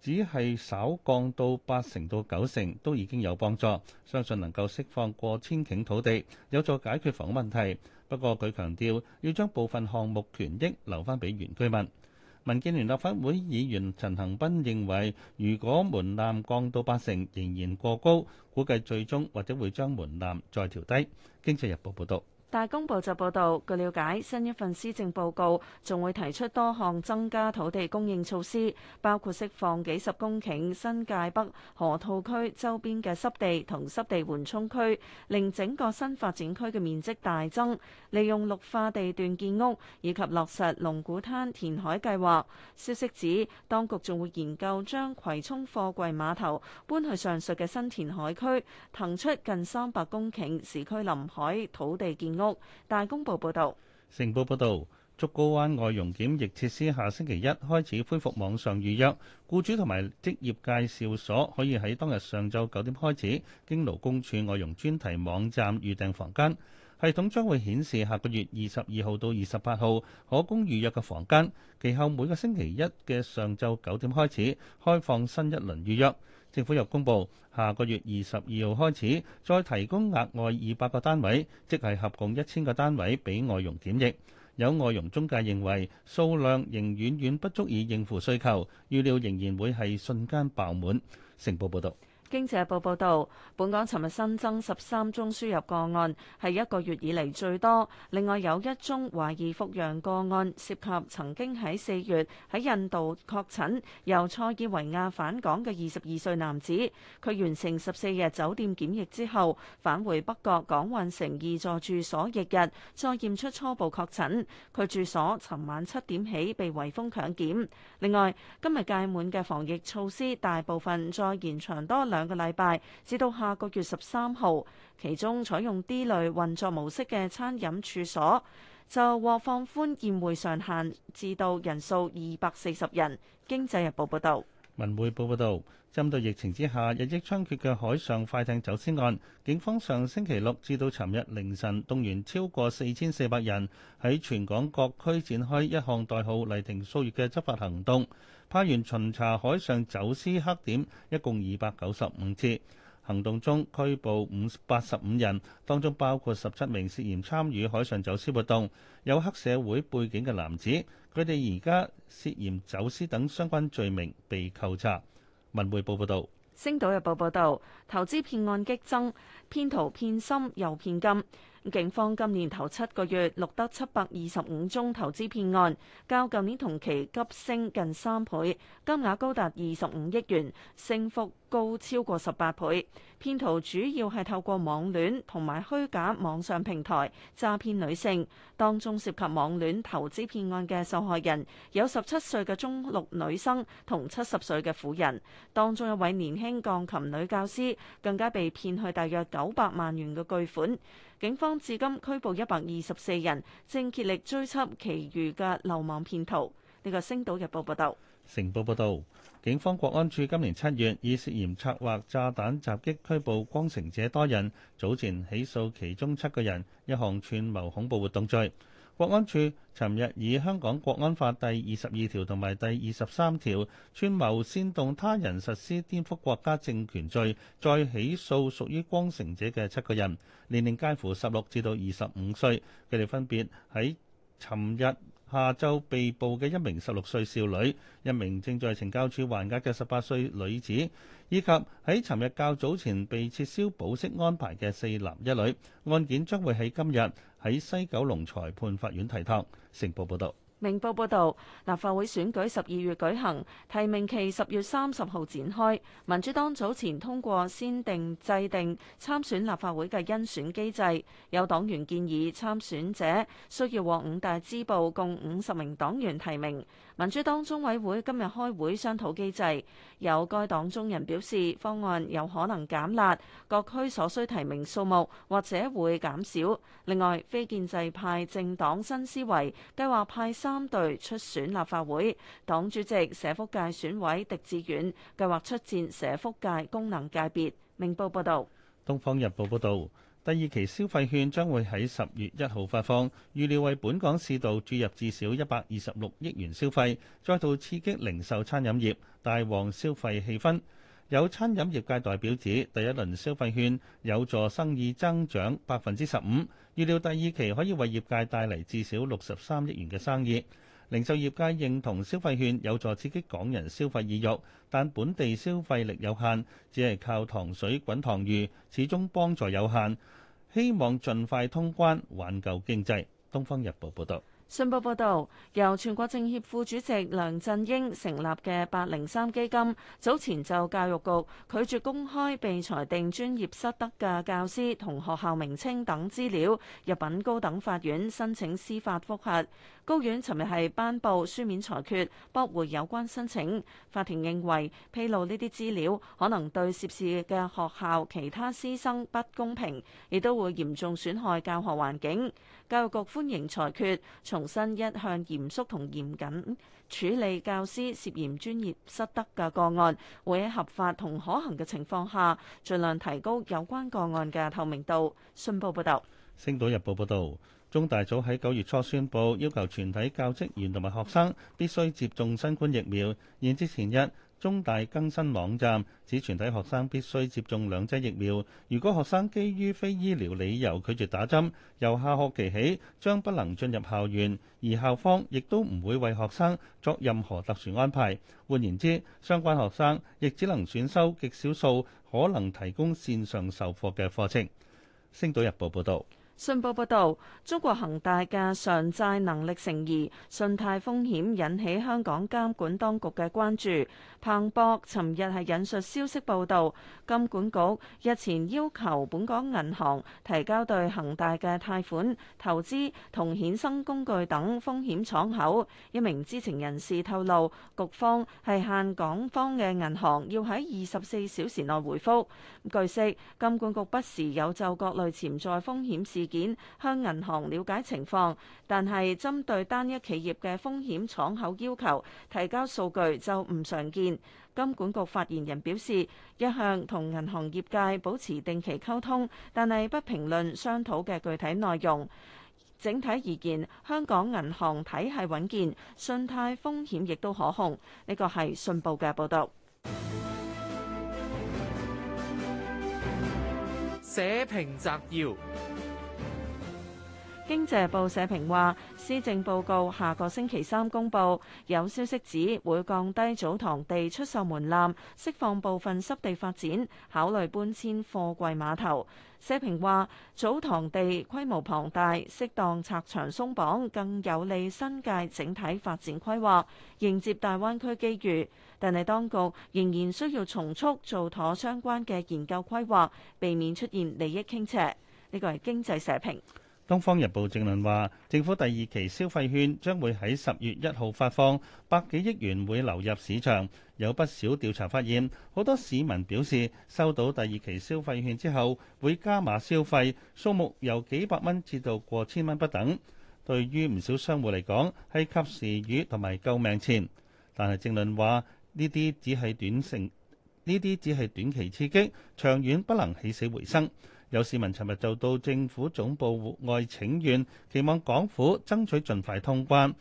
只係稍降到八成到九成，都已經有幫助，相信能夠釋放過千頃土地，有助解決房屋問題。不過，佢強調要將部分項目權益留翻俾原居民。民建聯立法會議員陳恒斌認為，如果門檻降到八成，仍然過高，估計最終或者會將門檻再調低。經濟日報報導。大公報就報道，據了解，新一份施政報告仲會提出多項增加土地供應措施，包括釋放幾十公頃新界北河套區周邊嘅濕地同濕地緩衝區，令整個新發展區嘅面積大增；利用綠化地段建屋，以及落實龍鼓灘填海計劃。消息指，當局仲會研究將葵涌貨櫃碼頭搬去上述嘅新填海區，騰出近三百公頃市區臨海土地建屋，大公報報導，成報報導，竹篙灣外傭檢疫設施下星期一開始恢復網上預約，雇主同埋職業介紹所可以喺當日上晝九點開始經勞工處外傭專題網站預訂房間，系統將會顯示下個月二十二號到二十八號可供預約嘅房間，其後每個星期一嘅上晝九點開始開放新一輪預約。政府又公布，下個月二十二號開始再提供額外二百個單位，即係合共一千個單位俾外傭檢疫。有外傭中介認為數量仍遠遠不足以應付需求，預料仍然會係瞬間爆滿。成報報道。《經濟報》報導，本港尋日新增十三宗輸入個案，係一個月以嚟最多。另外有一宗懷疑復陽個案，涉及曾經喺四月喺印度確診、由塞爾維亞返港嘅二十二歲男子。佢完成十四日酒店檢疫之後，返回北角港運城二座住所翌日，再驗出初步確診。佢住所尋晚七點起被圍封強檢。另外，今日屆滿嘅防疫措施，大部分再延長多兩兩個禮拜至到下個月十三號，其中採用 D 類運作模式嘅餐飲處所就獲放寬宴會上限，至到人數二百四十人。經濟日報報道。《文匯報》報道，針對疫情之下日益猖獗嘅海上快艇走私案，警方上星期六至到尋日凌晨動員超過四千四百人喺全港各區展開一項代號「雷霆掃月」嘅執法行動。派員巡查海上走私黑點，一共二百九十五次，行動中拘捕五八十五人，當中包括十七名涉嫌參與海上走私活動，有黑社會背景嘅男子。佢哋而家涉嫌走私等相關罪名被扣查。文匯報報道，星島日報報道，投資騙案激增，騙徒騙心又騙金。警方今年頭七個月錄得七百二十五宗投資騙案，較舊年同期急升近三倍，金額高達二十五億元，升幅，高超過十八倍，騙徒主要係透過網戀同埋虛假網上平台詐騙女性，當中涉及網戀投資騙案嘅受害人有十七歲嘅中六女生同七十歲嘅婦人，當中一位年輕鋼琴女教師更加被騙去大約九百萬元嘅巨款。警方至今拘捕一百二十四人，正竭力追緝其餘嘅漏網騙徒。呢、這個星島日報報道。成報報導，警方國安處今年七月以涉嫌策劃炸彈襲擊拘捕光城者多人，早前起訴其中七個人，一項串謀恐怖活動罪。國安處尋日以香港國安法第二十二條同埋第二十三條，串謀煽動他人實施顛覆國家政權罪，再起訴屬於光城者嘅七個人，年齡介乎十六至到二十五歲，佢哋分別喺尋日。下晝被捕嘅一名十六歲少女、一名正在懲教處還押嘅十八歲女子，以及喺尋日較早前被撤銷保釋安排嘅四男一女，案件將會喺今日喺西九龍裁判法院提堂。成報報道。明報報導，立法會選舉十二月舉行，提名期十月三十號展開。民主黨早前通過先定制定參選立法會嘅甄選機制，有黨員建議參選者需要獲五大支部共五十名黨員提名。民主黨中委會今日開會商討機制。有該黨中人表示，方案有可能減辣，各區所需提名數目或者會減少。另外，非建制派政黨新思維計劃派三隊出選立法會，黨主席社福界選委狄志遠計劃出戰社福界功能界別。明報報導，《東方日報》報導。第二期消費券將會喺十月一號發放，預料為本港市道注入至少一百二十六億元消費，再度刺激零售、餐飲業大旺消費氣氛。有餐飲業界代表指，第一輪消費券有助生意增長百分之十五，預料第二期可以為業界帶嚟至少六十三億元嘅生意。零售業界認同消費券有助刺激港人消費意慾，但本地消費力有限，只係靠塘水滾塘魚，始終幫助有限。希望盡快通關挽救經濟。《東方日報》報道，信報報道，由全國政協副主席梁振英成立嘅八零三基金，早前就教育局拒絕公開被裁定專業失德嘅教師同學校名稱等資料，入稟高等法院申請司法覆核。高院尋日係頒布書面裁決，駁回有關申請。法庭認為披露呢啲資料可能對涉事嘅學校其他師生不公平，亦都會嚴重損害教學環境。教育局歡迎裁決，重申一向嚴肅同嚴謹處理教師涉嫌專業失德嘅個案，會喺合法同可行嘅情況下，盡量提高有關個案嘅透明度。信報報道，《星島日報》報道。中大早喺九月初宣布，要求全體教職員同埋學生必須接種新冠疫苗，然之前日中大更新網站，指全體學生必須接種兩劑疫苗。如果學生基於非醫療理由拒絕打針，由下學期起將不能進入校園，而校方亦都唔會為學生作任何特殊安排。換言之，相關學生亦只能選修極少數可能提供線上授課嘅課程。星島日報報道。信報報道，中國恒大嘅償債能力成疑，信貸風險引起香港監管當局嘅關注。彭博尋日係引述消息報道，金管局日前要求本港銀行提交對恒大嘅貸款、投資同衍生工具等風險敞口。一名知情人士透露，局方係限港方嘅銀行要喺二十四小時內回覆。據悉，金管局不時有就各類潛在風險事件向銀行了解情況，但係針對單一企業嘅風險敞口要求提交數據就唔常見。金管局發言人表示，一向同銀行業界保持定期溝通，但係不評論商討嘅具體內容。整體而言，香港銀行體系穩健，信貸風險亦都可控。呢個係信報嘅報道。社評摘要。經濟日報社評話，施政報告下個星期三公布，有消息指會降低祖堂地出售門檻，釋放部分濕地發展，考慮搬遷貨櫃碼頭。社評話，祖堂地規模龐大，適當拆牆鬆綁，更有利新界整體發展規劃，迎接大灣區機遇。但係當局仍然需要從速做妥相關嘅研究規劃，避免出現利益傾斜。呢個係經濟社評。《東方日報》正論話，政府第二期消費券將會喺十月一號發放，百幾億元會流入市場。有不少調查發現，好多市民表示收到第二期消費券之後，會加碼消費，數目由幾百蚊至到過千蚊不等。對於唔少商戶嚟講，係及時雨同埋救命錢。但係正論話，呢啲只係短成，呢啲只係短期刺激，長遠不能起死回生。有市民尋日就到政府總部戶外請願，期望港府爭取盡快通關。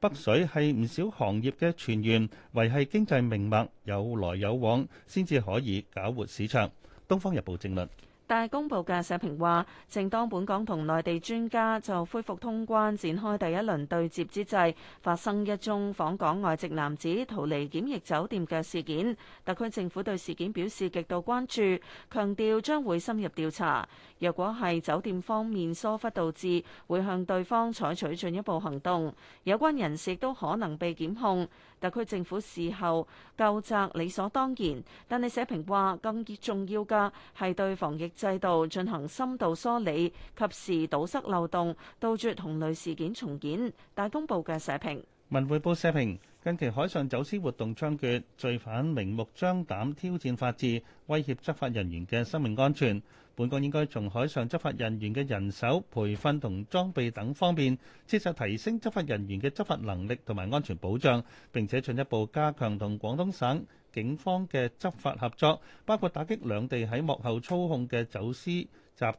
北水係唔少行業嘅泉源，維係經濟命脈，有來有往，先至可以搞活市場。《東方日報》正論。大公報嘅社評話，正當本港同內地專家就恢復通關展開第一輪對接之際，發生一宗訪港外籍男子逃離檢疫酒店嘅事件。特區政府對事件表示極度關注，強調將會深入調查。若果係酒店方面疏忽導致，會向對方採取進一步行動，有關人士亦都可能被檢控。特區政府事後究責理所當然，但係社評話更重要嘅係對防疫制度進行深度梳理，及時堵塞漏洞，杜絕同類事件重演。大公報嘅社評。文匯報社評，近期海上走私活動猖獗，罪犯明目張膽挑戰法治，威脅執法人員嘅生命安全。本港應該從海上執法人員嘅人手培訓同裝備等方面，切實提升執法人員嘅執法能力同埋安全保障，並且進一步加強同廣東省警方嘅執法合作，包括打擊兩地喺幕後操控嘅走私集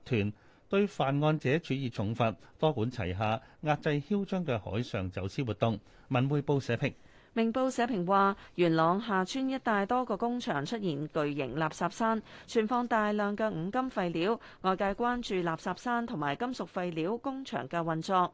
團，對犯案者處以重罰，多管齊下，壓制囂張嘅海上走私活動。文匯報社評。明報社評話：元朗下村一帶多個工場出現巨型垃圾山，存放大量嘅五金廢料，外界關注垃圾山同埋金屬廢料工場嘅運作。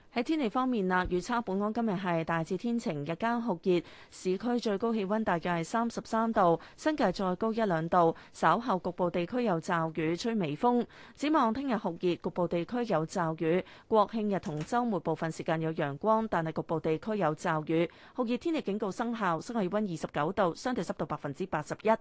喺天氣方面啦，預測本港今日係大致天晴，日間酷熱，市區最高氣溫大概係三十三度，新界再高一兩度，稍後局部地區有驟雨，吹微風。展望聽日酷熱，局部地區有驟雨，國慶日同週末部分時間有陽光，但係局部地區有驟雨，酷熱天氣警告生效，室外溫二十九度，相對濕度百分之八十一。